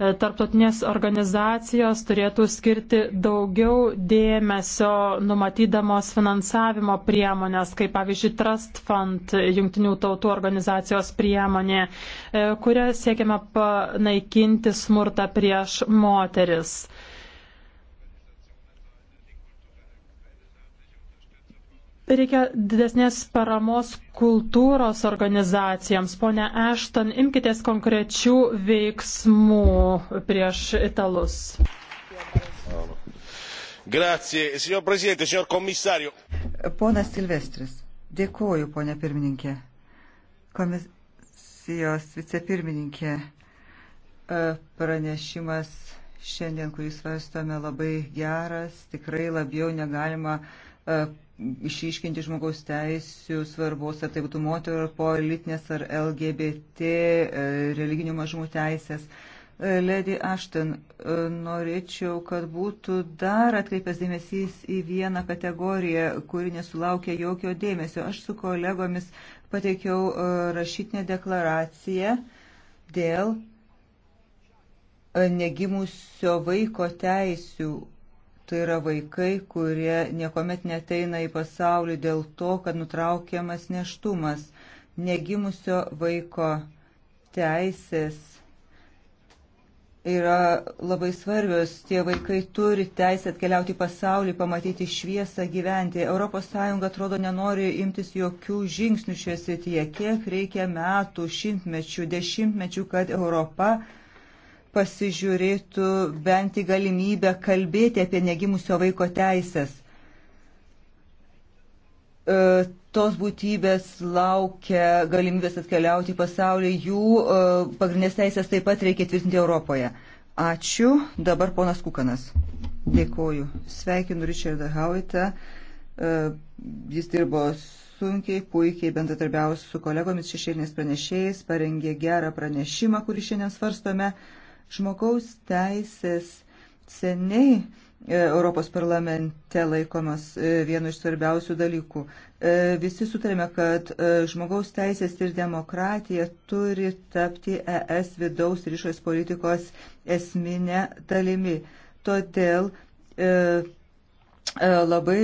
E, tarptautinės organizacijos turėtų skirti daugiau dėmesio numatydamos finansavimo priemonės, kaip pavyzdžiui Trust Fund, Junktinių tautų organizacijos priemonė, e, kuria siekiame panaikinti smurtą prieš moteris. Reikia didesnės paramos kultūros organizacijams. Pone Ešton, imkitės konkrečių veiksmų prieš italus. Grazie, signor Presidente, signor Commissario. Ponas Silvestris, dėkoju, ponė pirmininkė. Komisijos vicepirmininkė e, pranešimas šiandien, kurį svarstome, labai geras, tikrai labiau negalima e, išryškinti žmogaus teisų svarbos, ar tai būtų moterų ar politinės, ar LGBT, e, religinių mažumų teisės. E, Lady Ashton, e, norėčiau, kad būtų dar atkreipęs dėmesys į vieną kategoriją, kuri nesulaukia jokio dėmesio. Aš su kolegomis pateikiau rašytinę deklaraciją dėl negimusio vaiko teisių Tai yra vaikai, kurie niekuomet neteina į pasaulį dėl to, kad nutraukiamas neštumas. Negimusio vaiko teisės yra labai svarbios. Tie vaikai turi teisę atkeliauti į pasaulį, pamatyti šviesą, gyventi. ES atrodo nenori imtis jokių žingsnių šioje srityje. Kiek reikia metų, šimtmečių, dešimtmečių, kad Europa pasižiūrėtų bent į galimybę kalbėti apie negimusio vaiko teisės. E, tos būtybės laukia galimybės atkeliauti į pasaulį, jų e, pagrindinės teisės taip pat reikia tvirtinti Europoje. Ačiū. Dabar ponas Kukanas. Dėkoju. Sveikinu Richardą Hauitą. E, jis dirbo sunkiai, puikiai bendradarbiaus su kolegomis šešėliniais pranešėjais, parengė gerą pranešimą, kurį šiandien svarstome. Žmogaus teisės seniai e, Europos parlamente laikomas e, vienu iš svarbiausių dalykų. E, visi sutarėme, kad žmogaus teisės ir demokratija turi tapti ES vidaus ir išorės politikos esminę dalimi. Todėl labai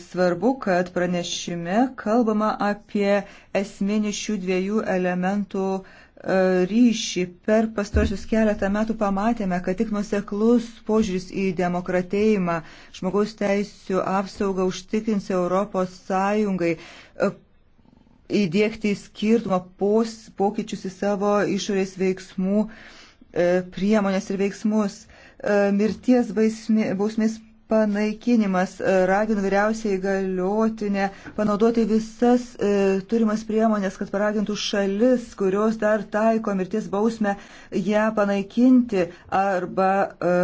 svarbu, kad pranešime kalbama apie esminį šių dviejų elementų uh, ryšį per pastarosius keletą metų pamatėme, kad tik nuseklus požiūris į demokratėjimą, žmogaus teisų apsaugą užtikrins Europos Sąjungai e, įdėkti skirtumą pos, pokyčius į savo išorės veiksmų e, priemonės ir veiksmus. E, mirties bausmės panaikinimas. E, raginu vyriausiai galiotinę panaudoti visas e, turimas priemonės, kad paragintų šalis, kurios dar taiko mirties bausmę, ją panaikinti arba e,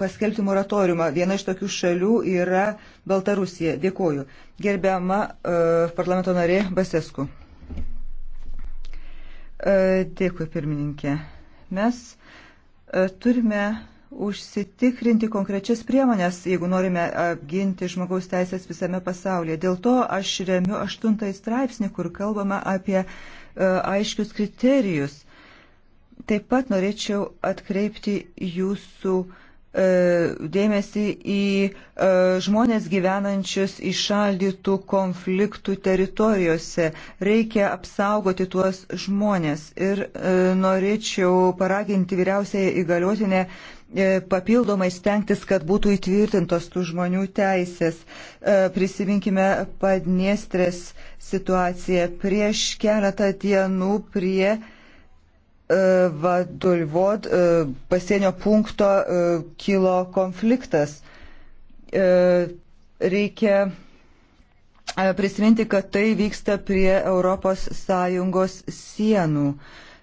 paskelbti moratoriumą. Viena iš tokių šalių yra Baltarusija. Dėkoju. Gerbiama e, parlamento narė Basesku. E, dėkui, pirmininkė. Mes e, turime užsitikrinti konkrečias priemonės, jeigu norime apginti žmogaus teisės visame pasaulyje. Dėl to aš remiu aštuntąjį straipsnį, kur kalbama apie e, aiškius kriterijus. Taip pat norėčiau atkreipti jūsų uh, E, dėmesį į e, žmonės gyvenančius išaldytų konfliktų teritorijose. Reikia apsaugoti tuos žmonės. Ir e, norėčiau paraginti vyriausiai įgaliotinę papildomai stengtis, kad būtų įtvirtintos tų žmonių teisės. Prisiminkime Padniestrės situaciją. Prieš keletą dienų prie E, Vadulvod e, pasienio punkto e, kilo konfliktas. Reikia prisiminti, kad tai vyksta prie ES sienų.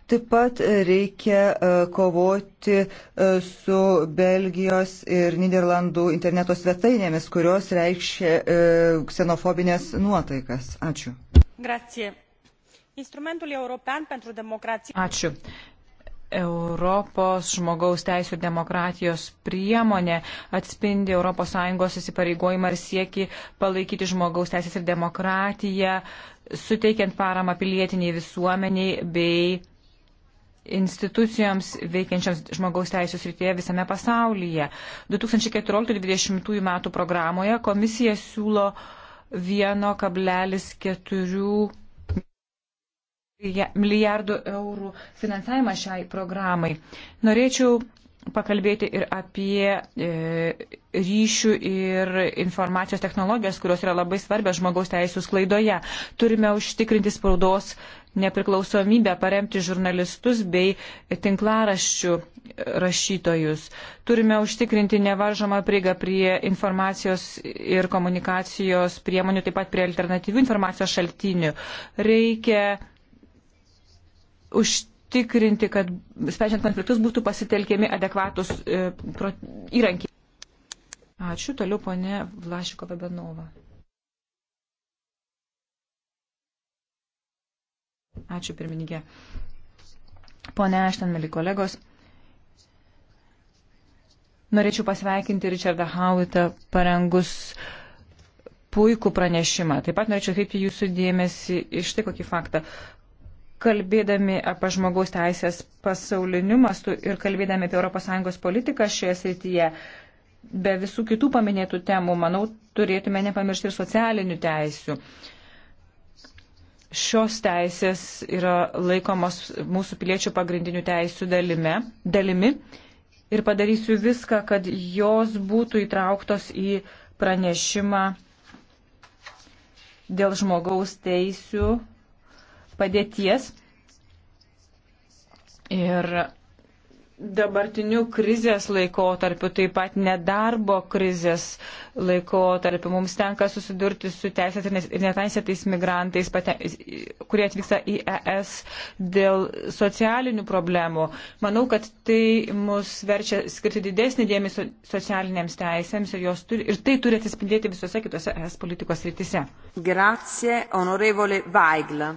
Taip pat reikia kovoti su Belgijos ir Niderlandų interneto svetainėmis, kurios reikšia ksenofobinės nuotaikas. Ačiū. Grazie. Ačiū. Europos žmogaus teisų ir demokratijos priemonė atspindi ES įsipareigojimą ir sieki palaikyti žmogaus teisės ir demokratiją, suteikiant paramą pilietiniai visuomeniai bei institucijoms veikiančiams žmogaus teisų srityje visame pasaulyje. 2014-2020 metų programoje komisija siūlo 1,4 milijardų eurų finansavimą šiai programai. Norėčiau pakalbėti ir apie e, ryšių ir informacijos technologijas, kurios yra labai svarbios žmogaus teisų sklaidoje. Turime užtikrinti spaudos nepriklausomybę, paremti žurnalistus bei tinklaraščių e, rašytojus. Turime užtikrinti nevaržomą prieigą prie informacijos ir komunikacijos priemonių, taip pat prie alternatyvių informacijos šaltinių. Reikia užtikrinti, kad sprendžiant konfliktus būtų pasitelkiami adekvatus e, pro, įrankiai. Ačiū. Toliau ponė Vlašiko Bebenova. Ačiū pirmininkė. Pone Ašten, mėly kolegos. Norėčiau pasveikinti Richardą Howitą parengus puikų pranešimą. Taip pat norėčiau kreipti jūsų dėmesį iš tai kokį faktą kalbėdami apie žmogaus teisės pasauliniu mastu ir kalbėdami apie ES politiką šioje srityje, be visų kitų paminėtų temų, manau, turėtume nepamiršti ir socialinių teisių. Šios teisės yra laikomos mūsų piliečių pagrindinių teisių dalime, dalimi ir padarysiu viską, kad jos būtų įtrauktos į pranešimą dėl žmogaus teisių padėties ir dabartiniu krizės laikotarpiu, taip pat nedarbo krizės laikotarpiu mums tenka susidurti su teisėt ir neteisėtais migrantais, kurie atvyksta į ES dėl socialinių problemų. Manau, kad tai mus verčia skirti didesnį dėmesį socialinėms teisėms ir, turi, ir tai turi atsispindėti visose kitose ES politikos rytise. Grazie, onorevole Vaigla.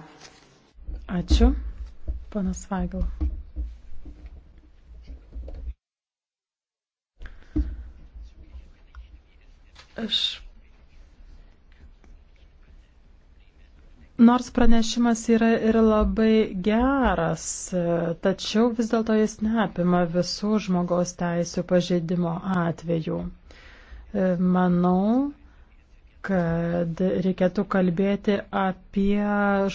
Ačiū, panas Vagil. Aš Nors pranešimas yra ir labai geras, tačiau vis dėlto jis neapima visų žmogaus teisų pažeidimo atvejų. Manau, kad reikėtų kalbėti apie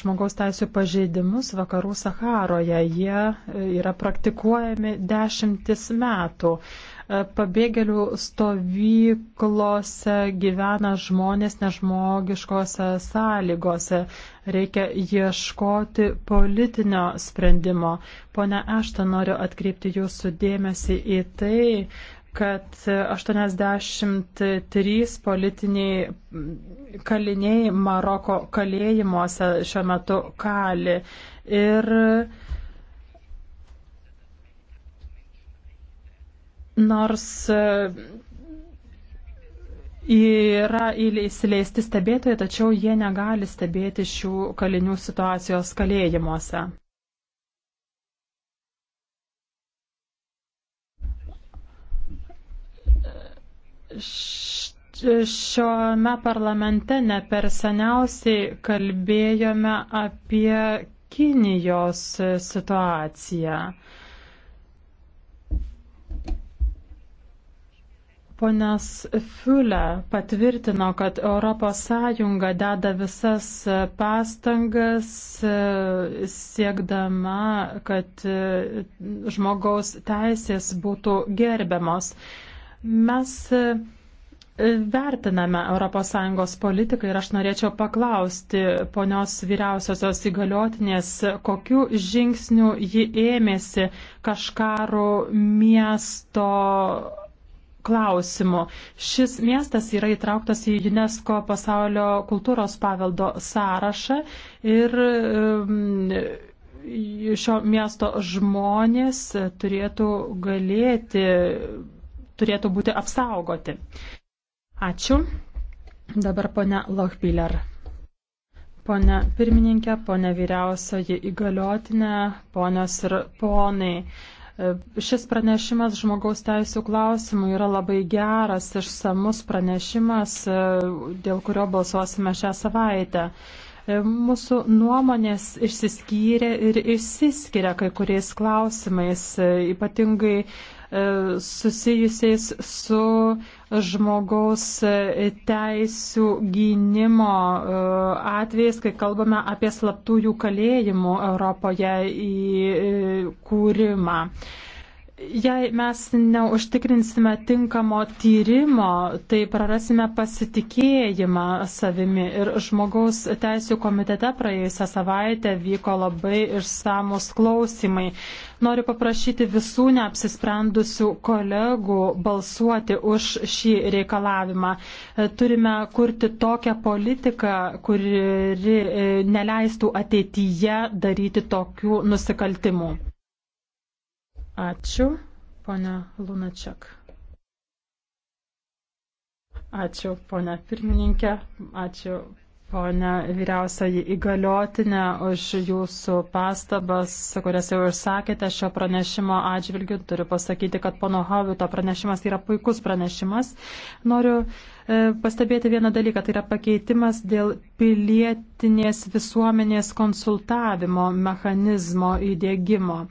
žmogaus teisų pažeidimus vakarų Saharoje. Jie yra praktikuojami dešimtis metų. Pabėgėlių stovyklose gyvena žmonės nežmogiškose sąlygose. Reikia ieškoti politinio sprendimo. Pone Ešta, noriu atkreipti jūsų dėmesį į tai, kad 83 politiniai kaliniai Maroko kalėjimuose šiuo metu kali. Ir nors yra įsileisti stebėtojai, tačiau jie negali stebėti šių kalinių situacijos kalėjimuose. Šiame parlamente ne per seniausiai kalbėjome apie Kinijos situaciją. Ponas Fiulė patvirtino, kad ES deda visas pastangas siekdama, kad žmogaus teisės būtų gerbiamos. Mes e, vertiname ES politiką ir aš norėčiau paklausti ponios vyriausiosios įgaliotinės, kokiu žingsniu ji ėmėsi kažkaro miesto klausimu. Šis miestas yra įtrauktas į UNESCO pasaulio kultūros paveldo sąrašą ir e, šio miesto žmonės turėtų galėti turėtų būti apsaugoti. Ačiū. Dabar ponia Lochbiller. Pone pirmininkė, pone vyriausioji įgaliotinė, ponios ir ponai. Šis pranešimas žmogaus teisų klausimų yra labai geras, išsamus pranešimas, dėl kurio balsuosime šią savaitę. Mūsų nuomonės išsiskyrė ir išsiskiria kai kuriais klausimais, ypatingai E, susijusiais su žmogaus teisų gynimo e, atvejais, kai kalbame apie slaptųjų kalėjimų Europoje įkūrimą. E, jei mes neužtikrinsime tinkamo tyrimo, tai prarasime pasitikėjimą savimi. Ir žmogaus teisų komitete praėjusią savaitę vyko labai išsamus klausimai. Noriu paprašyti visų neapsisprendusių kolegų balsuoti už šį reikalavimą. Turime kurti tokią politiką, kuri e, neleistų ateityje daryti tokių nusikaltimų. Ačiū, ponia Lunačiak. Ačiū, ponia pirmininkė. Ačiū, ponia vyriausiai įgaliotinė, už jūsų pastabas, kurias jau išsakėte šio pranešimo atžvilgiu. Turiu pasakyti, kad pono Havito pranešimas yra puikus pranešimas. Noriu e, pastebėti vieną dalyką, tai yra pakeitimas dėl pilietinės visuomenės konsultavimo mechanizmo įdėgymo.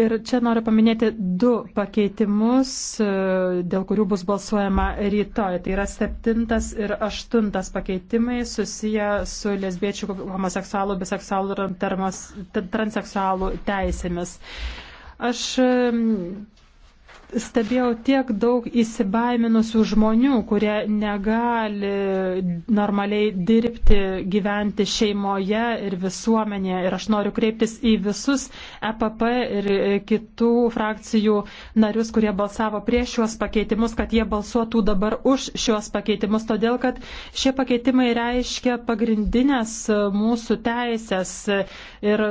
Ir čia noriu paminėti du pakeitimus, e, dėl kurių bus balsuojama rytoj. Tai yra septintas ir aštuntas pakeitimai susiję su lesbiečių, homoseksualų, biseksualų ir transseksualų teisėmis. Aš stebėjau tiek daug įsibaiminusių žmonių, kurie negali normaliai dirbti, gyventi šeimoje ir visuomenėje. Ir aš noriu kreiptis į visus EPP ir kitų frakcijų narius, kurie balsavo prieš šiuos pakeitimus, kad jie balsuotų dabar už šiuos pakeitimus, todėl kad šie pakeitimai reiškia pagrindinės mūsų teisės ir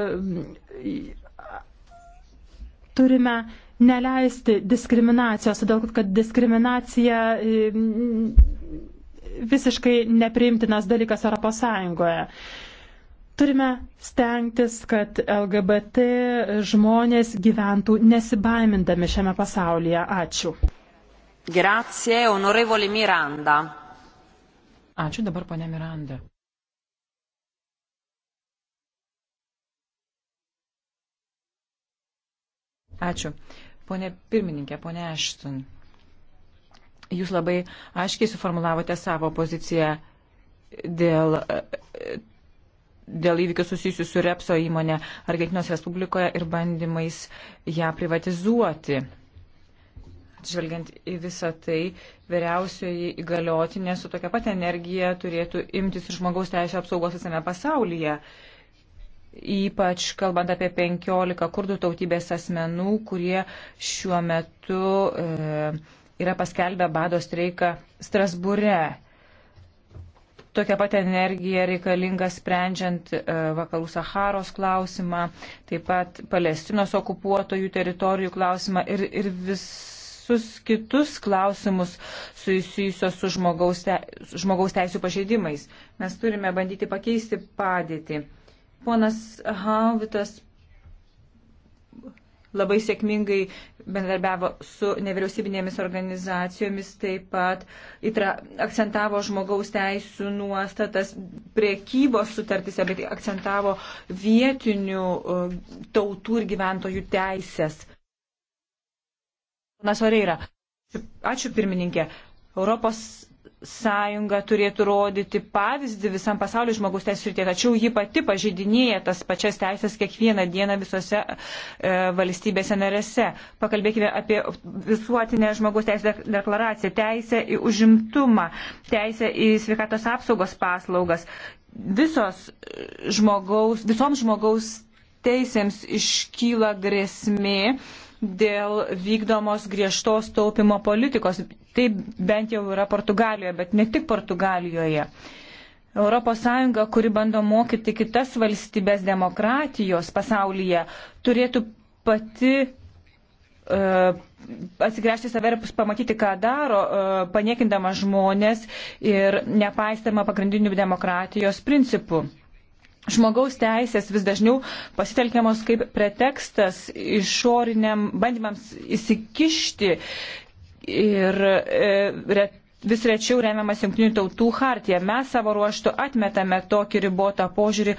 turime neleisti diskriminacijos, todėl kad diskriminacija e, visiškai nepriimtinas dalykas Europos Sąjungoje. Turime stengtis, kad LGBT žmonės gyventų nesibaimindami šiame pasaulyje. Ačiū. Grazie, onorevole Miranda. Ačiū dabar, ponė Miranda. Ačiū. Pone pirmininkė, pone Ashton, jūs labai aiškiai suformulavote savo poziciją dėl, dėl įvykių susijusių su Repso įmonė Argentinos Respublikoje ir bandymais ją privatizuoti. Žvelgiant į visą tai, vyriausioji įgaliotinė su tokia pat energija turėtų imtis ir žmogaus teisų apsaugos visame pasaulyje. Uh, ypač kalbant apie 15 kurdų tautybės asmenų, kurie šiuo metu e, yra paskelbę bado streiką Strasbūre. Tokia pat energija reikalinga sprendžiant e, vakarų Saharos klausimą, taip pat Palestinos okupuotojų teritorijų klausimą ir, ir visus kitus klausimus susijusios su žmogaus, te, žmogaus teisų pažeidimais. Mes turime bandyti pakeisti padėtį. Ponas Hauvitas labai sėkmingai bendarbiavo su nevyriausybinėmis organizacijomis, taip pat įtra, akcentavo žmogaus teisų nuostatas priekybos sutartise, bet akcentavo vietinių e, tautų ir gyventojų teisės. Nasoreira, ačiū pirmininkė. Europos sąjunga turėtų rodyti pavyzdį visam pasauliu žmogus teisų srityje, tačiau ji pati pažeidinėja tas pačias teisės kiekvieną dieną visose e, valstybėse narėse. Pakalbėkime apie visuotinę žmogus teisų deklaraciją, teisę į užimtumą, teisę į sveikatos apsaugos paslaugas. Visos žmogaus, visoms žmogaus teisėms iškyla grėsmė dėl vykdomos griežtos taupimo politikos. Tai bent jau yra Portugalijoje, bet ne tik Portugalijoje. ES, kuri bando mokyti kitas valstybės demokratijos pasaulyje, turėtų pati uh, atsigręžti save ir pamatyti, ką daro, uh, paniekindama žmonės ir nepaistama pagrindinių demokratijos principų. Žmogaus teisės vis dažniau pasitelkiamos kaip pretekstas išoriniam bandymams įsikišti ir e, vis rečiau remiamas jungtinių tautų hartija. Mes savo ruoštų atmetame tokį ribotą požiūrį,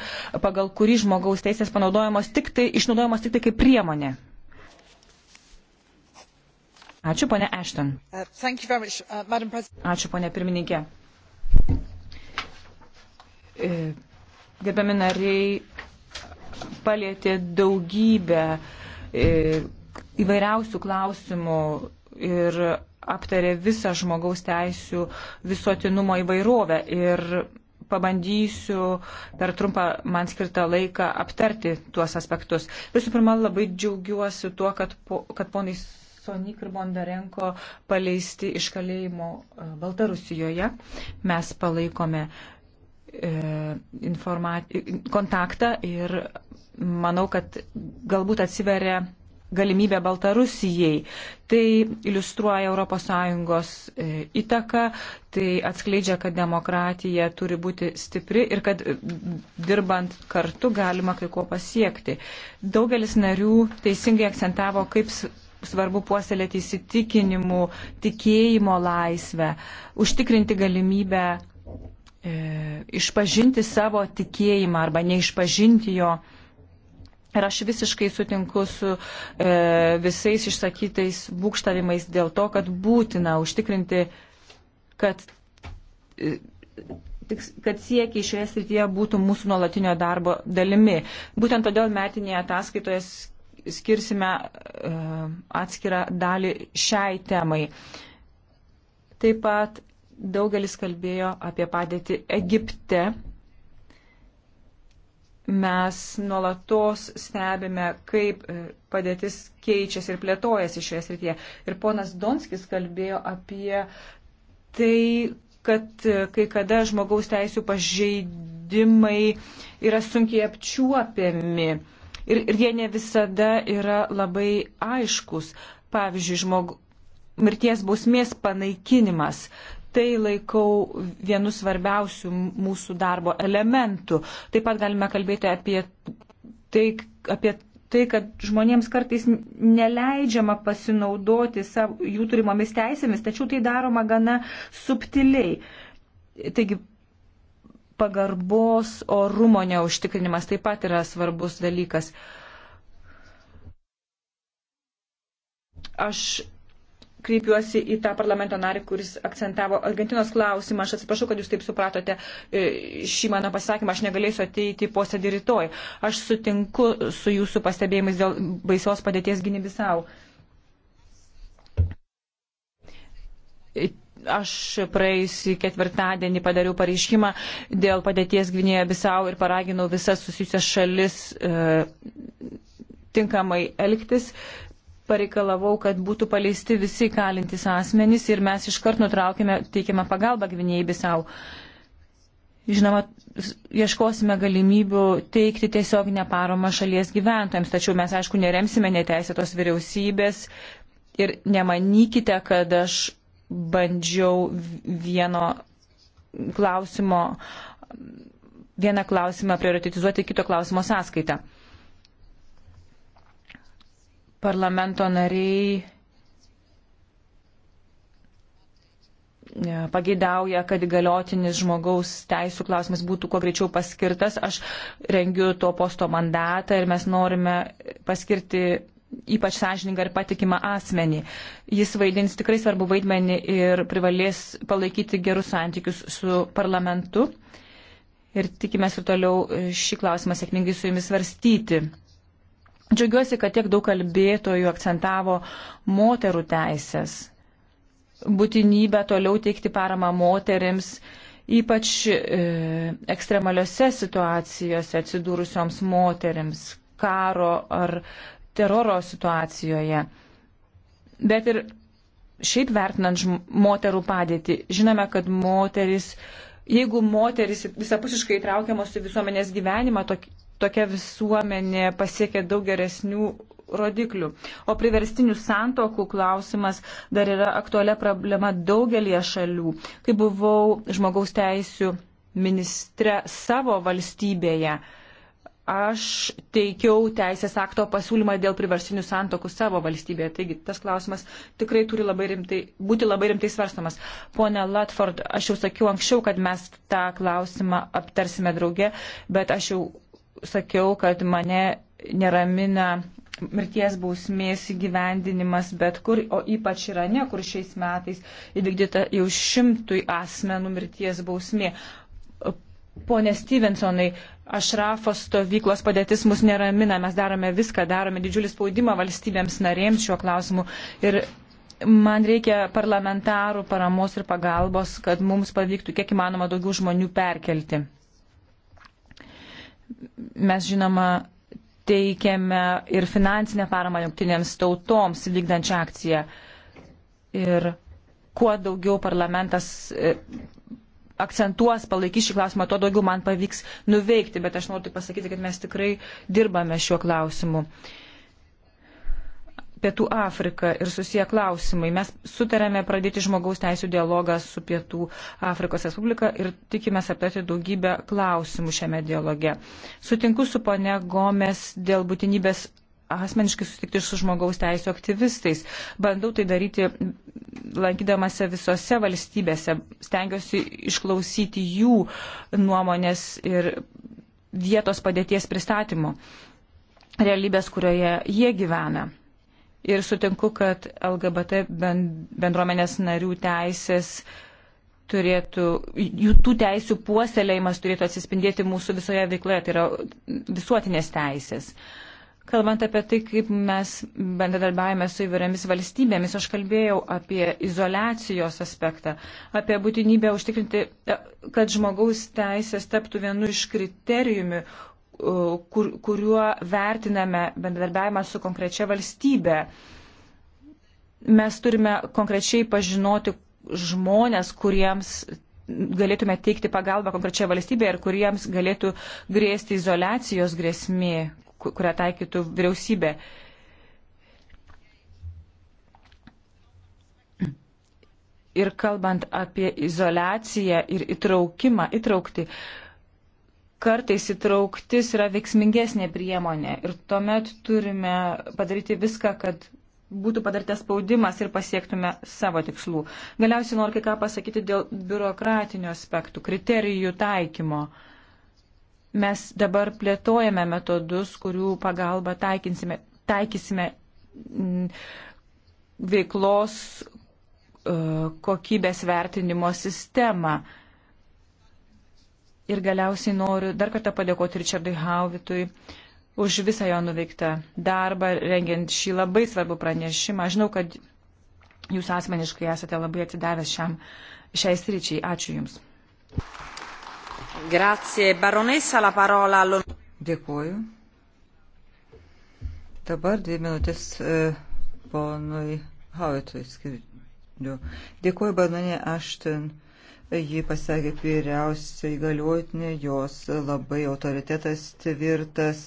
pagal kurį žmogaus teisės panaudojamos tik tai, išnaudojamos tik tai kaip priemonė. Ačiū, ponė Ashton. Uh, uh, Ačiū, ponė pirmininkė. E gerbiami nariai palėtė daugybę e, įvairiausių klausimų ir aptarė visą žmogaus teisų visuotinumo įvairovę. Ir pabandysiu per trumpą man skirtą laiką aptarti tuos aspektus. Visų pirma, labai džiaugiuosi tuo, kad, po, kad ponai Sonik ir Bondarenko paleisti iš kalėjimo e, Baltarusijoje. Mes palaikome E, kontaktą ir manau, kad galbūt atsiveria galimybė Baltarusijai. Tai iliustruoja ES e, įtaką, tai atskleidžia, kad demokratija turi būti stipri ir kad e, dirbant kartu galima kai ko pasiekti. Daugelis narių teisingai akcentavo, kaip svarbu puoselėti įsitikinimų, tikėjimo laisvę, užtikrinti galimybę e, išpažinti savo tikėjimą arba neišpažinti jo. Ir aš visiškai sutinku su e, visais išsakytais būkštavimais dėl to, kad būtina užtikrinti, kad, e, kad siekiai šioje srityje būtų mūsų nuolatinio darbo dalimi. Būtent todėl metinėje ataskaitoje skirsime e, atskirą dalį šiai temai. Taip pat Daugelis kalbėjo apie padėtį Egipte. Mes nuolatos stebime, kaip e, padėtis keičiasi ir plėtojasi šioje srityje. Ir ponas Donskis kalbėjo apie tai, kad e, kai kada žmogaus teisų pažeidimai yra sunkiai apčiuopiami ir, ir jie ne visada yra labai aiškus. Pavyzdžiui, žmog... mirties bausmės panaikinimas tai laikau vienu svarbiausių mūsų darbo elementų. Taip pat galime kalbėti apie tai, apie tai kad žmonėms kartais neleidžiama pasinaudoti savo, jų turimomis teisėmis, tačiau tai daroma gana subtiliai. Taigi pagarbos orumo neužtikrinimas taip pat yra svarbus dalykas. Aš kreipiuosi į tą parlamento narį, kuris akcentavo Argentinos klausimą. Aš atsiprašau, kad jūs taip supratote e, šį mano pasakymą. Aš negalėsiu ateiti į posėdį rytoj. Aš sutinku su jūsų pastebėjimais dėl baisios padėties gynybisau. E, aš praėjusį ketvirtadienį padariau pareiškimą dėl padėties Gvinėje Bisau ir paraginau visas susijusias šalis e, tinkamai elgtis pareikalavau, kad būtų paleisti visi kalintys asmenys ir mes iškart nutraukėme teikiamą pagalbą Gvinėjai Bisau. Žinoma, ieškosime galimybių teikti tiesiog neparomą šalies gyventojams, tačiau mes aišku neremsime neteisėtos vyriausybės ir nemanykite, kad aš bandžiau vieno klausimo, vieną klausimą prioritizuoti kito klausimo sąskaitą parlamento nariai e, pageidauja, kad įgaliotinis žmogaus teisų klausimas būtų kuo greičiau paskirtas. Aš rengiu to posto mandatą ir mes norime paskirti ypač sąžiningą ir patikimą asmenį. Jis vaidins tikrai svarbu vaidmenį ir privalės palaikyti gerus santykius su parlamentu. Ir tikimės ir toliau šį klausimą sėkmingai su jumis svarstyti. Džiaugiuosi, kad tiek daug kalbėtojų akcentavo moterų teisės, būtinybę toliau teikti paramą moterims, ypač e, ekstremaliose situacijose atsidūrusioms moterims, karo ar teroro situacijoje. Bet ir šiaip vertinant moterų padėtį, žinome, kad moteris, jeigu moteris visapusiškai įtraukiamos į visuomenės gyvenimą, tok, tokia visuomenė pasiekė daug geresnių rodiklių. O priverstinių santokų klausimas dar yra aktualia problema daugelie šalių. Kai buvau žmogaus teisų ministre savo valstybėje, aš teikiau teisės akto pasiūlymą dėl priversinių santokų savo valstybėje. Taigi tas klausimas tikrai turi labai rimtai, būti labai rimtai svarstamas. Pone Latford, aš jau sakiau anksčiau, kad mes tą klausimą aptarsime drauge, bet aš jau sakiau, kad mane neramina mirties bausmės įgyvendinimas bet kur, o ypač Irane, kur šiais metais įvykdyta jau šimtui asmenų mirties bausmė. Pone Stevensonai, Ašrafo stovyklos padėtis mus neramina, mes darome viską, darome didžiulį spaudimą valstybėms narėms šiuo klausimu ir man reikia parlamentarų paramos ir pagalbos, kad mums pavyktų kiek įmanoma daugiau žmonių perkelti. Mes žinoma teikiame ir finansinę paramą jungtinėms tautoms vykdančią akciją. Ir kuo daugiau parlamentas e, akcentuos, palaikys šį klausimą, tuo daugiau man pavyks nuveikti, bet aš noriu tik pasakyti, kad mes tikrai dirbame šiuo klausimu. Uh, Pietų Afrika ir susiję klausimai. Mes sutarėme pradėti žmogaus teisų dialogą su Pietų Afrikos Respublika ir tikimės aptarti daugybę klausimų šiame dialoge. Sutinku su pone Gomes dėl būtinybės asmeniškai susitikti su žmogaus teisų aktyvistais. Bandau tai daryti lankydamasi visose valstybėse. Stengiuosi išklausyti jų nuomonės ir vietos padėties pristatymo realybės, kurioje jie gyvena ir sutinku, kad LGBT bendruomenės narių teisės turėtų, jų tų teisių puoselėjimas turėtų atsispindėti mūsų visoje veikloje, tai yra visuotinės teisės. Kalbant apie tai, kaip mes bendradarbiavame su įvairiamis valstybėmis, aš kalbėjau apie izolacijos aspektą, apie būtinybę užtikrinti, kad žmogaus teisės taptų vienu iš kriterijumi, kur, kuriuo vertiname bendradarbiavimą su konkrečia valstybė. Mes turime konkrečiai pažinoti žmonės, kuriems galėtume teikti pagalbą konkrečioje valstybėje ir kuriems galėtų grėsti izolacijos grėsmė, kurią taikytų vyriausybė. Ir kalbant apie izolaciją ir įtraukimą, įtraukti, uh, kartais įtrauktis yra veiksmingesnė priemonė ir tuomet turime padaryti viską, kad būtų padarytas spaudimas ir pasiektume savo tikslų. Galiausiai noriu kai ką pasakyti dėl biurokratinių aspektų, kriterijų taikymo. Mes dabar plėtojame metodus, kurių pagalba taikinsime, taikysime mm, veiklos e, kokybės vertinimo sistemą. Ir galiausiai noriu dar kartą padėkoti Richardui Hauvitui už visą jo nuveiktą darbą, rengiant šį labai svarbų pranešimą. Žinau, kad jūs asmeniškai esate labai atsidavęs šiam, šiai sričiai. Ačiū Jums. Grazie, baronesa, la parola. Dėkuoju. Dabar dvi minutės e, ponui Hauvitui skiriu. Dėkuoju, baronė Ašten Ji pasakė vyriausiai galiotinė, jos labai autoritetas tvirtas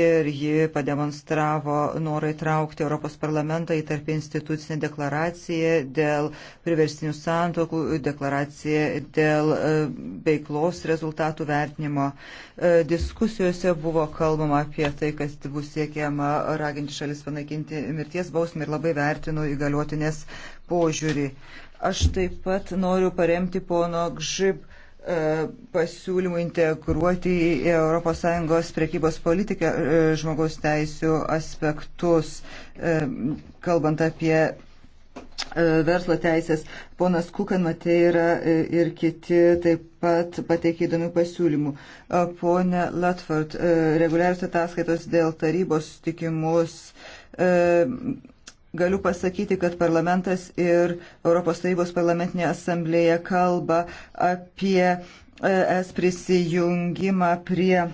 ir ji pademonstravo norą įtraukti Europos parlamentą į tarp institucinę deklaraciją dėl priverstinių santokų, deklaraciją dėl e, veiklos rezultatų vertinimo. E, diskusijose buvo kalbama apie tai, kas bus siekiama raginti šalis panaikinti mirties bausmę ir labai vertinu įgaliotinės požiūrį. Aš taip pat noriu paremti pono Gžib e, pasiūlymų integruoti į ES prekybos politiką e, žmogaus teisų aspektus, e, kalbant apie verslo teisės. Ponas Kukan Mateira ir kiti taip pat pateikė įdomių pasiūlymų. Pone Latford, reguliarius ataskaitos dėl tarybos sutikimus galiu pasakyti, kad parlamentas ir Europos tarybos parlamentinė asamblėja kalba apie e, es prisijungimą prie e,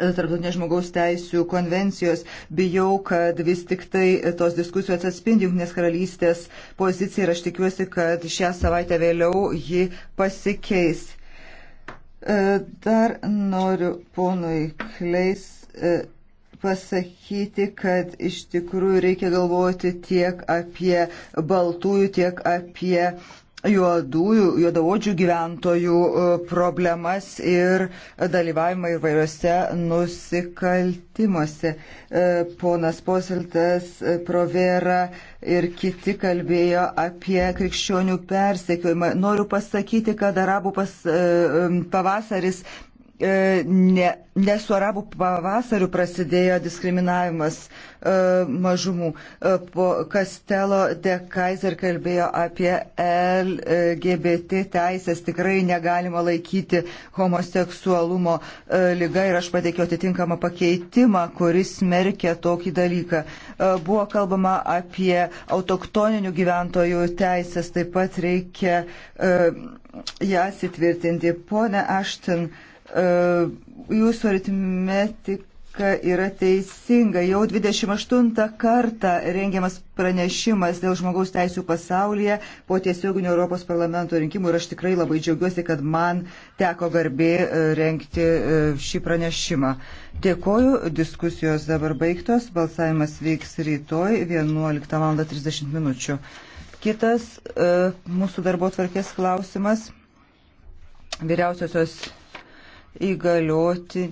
Tarptautinės žmogaus teisų konvencijos. Bijau, kad vis tik tai tos diskusijos atspindi Junktinės karalystės poziciją ir aš tikiuosi, kad šią savaitę vėliau ji pasikeis. E, dar noriu ponui Kleis. E, pasakyti, kad iš tikrųjų reikia galvoti tiek apie baltųjų, tiek apie juodųjų, juodavodžių gyventojų e, problemas ir dalyvavimą įvairiuose nusikaltimuose. E, ponas Posiltas, e, Provera ir kiti kalbėjo apie krikščionių persekiojimą. Noriu pasakyti, kad arabų pas, pavasaris E, ne, ne su arabų pavasariu prasidėjo diskriminavimas e, mažumų. E, po Kastelo de Kaiser kalbėjo apie LGBT teisės, tikrai negalima laikyti homoseksualumo e, lyga ir aš pateikiau atitinkamą pakeitimą, kuris smerkia tokį dalyką. E, buvo kalbama apie autoktoninių gyventojų teisės, taip pat reikia e, jas įtvirtinti. Pone Ašten, e, E, jūsų aritmetika yra teisinga. Jau 28 kartą rengiamas pranešimas dėl žmogaus teisų pasaulyje po tiesioginių Europos parlamento rinkimų ir aš tikrai labai džiaugiuosi, kad man teko garbė e, renkti e, šį pranešimą. Dėkoju, diskusijos dabar baigtos, balsavimas vyks rytoj 11.30 minučių. Kitas mūsų darbo tvarkės klausimas vyriausiosios įgalioti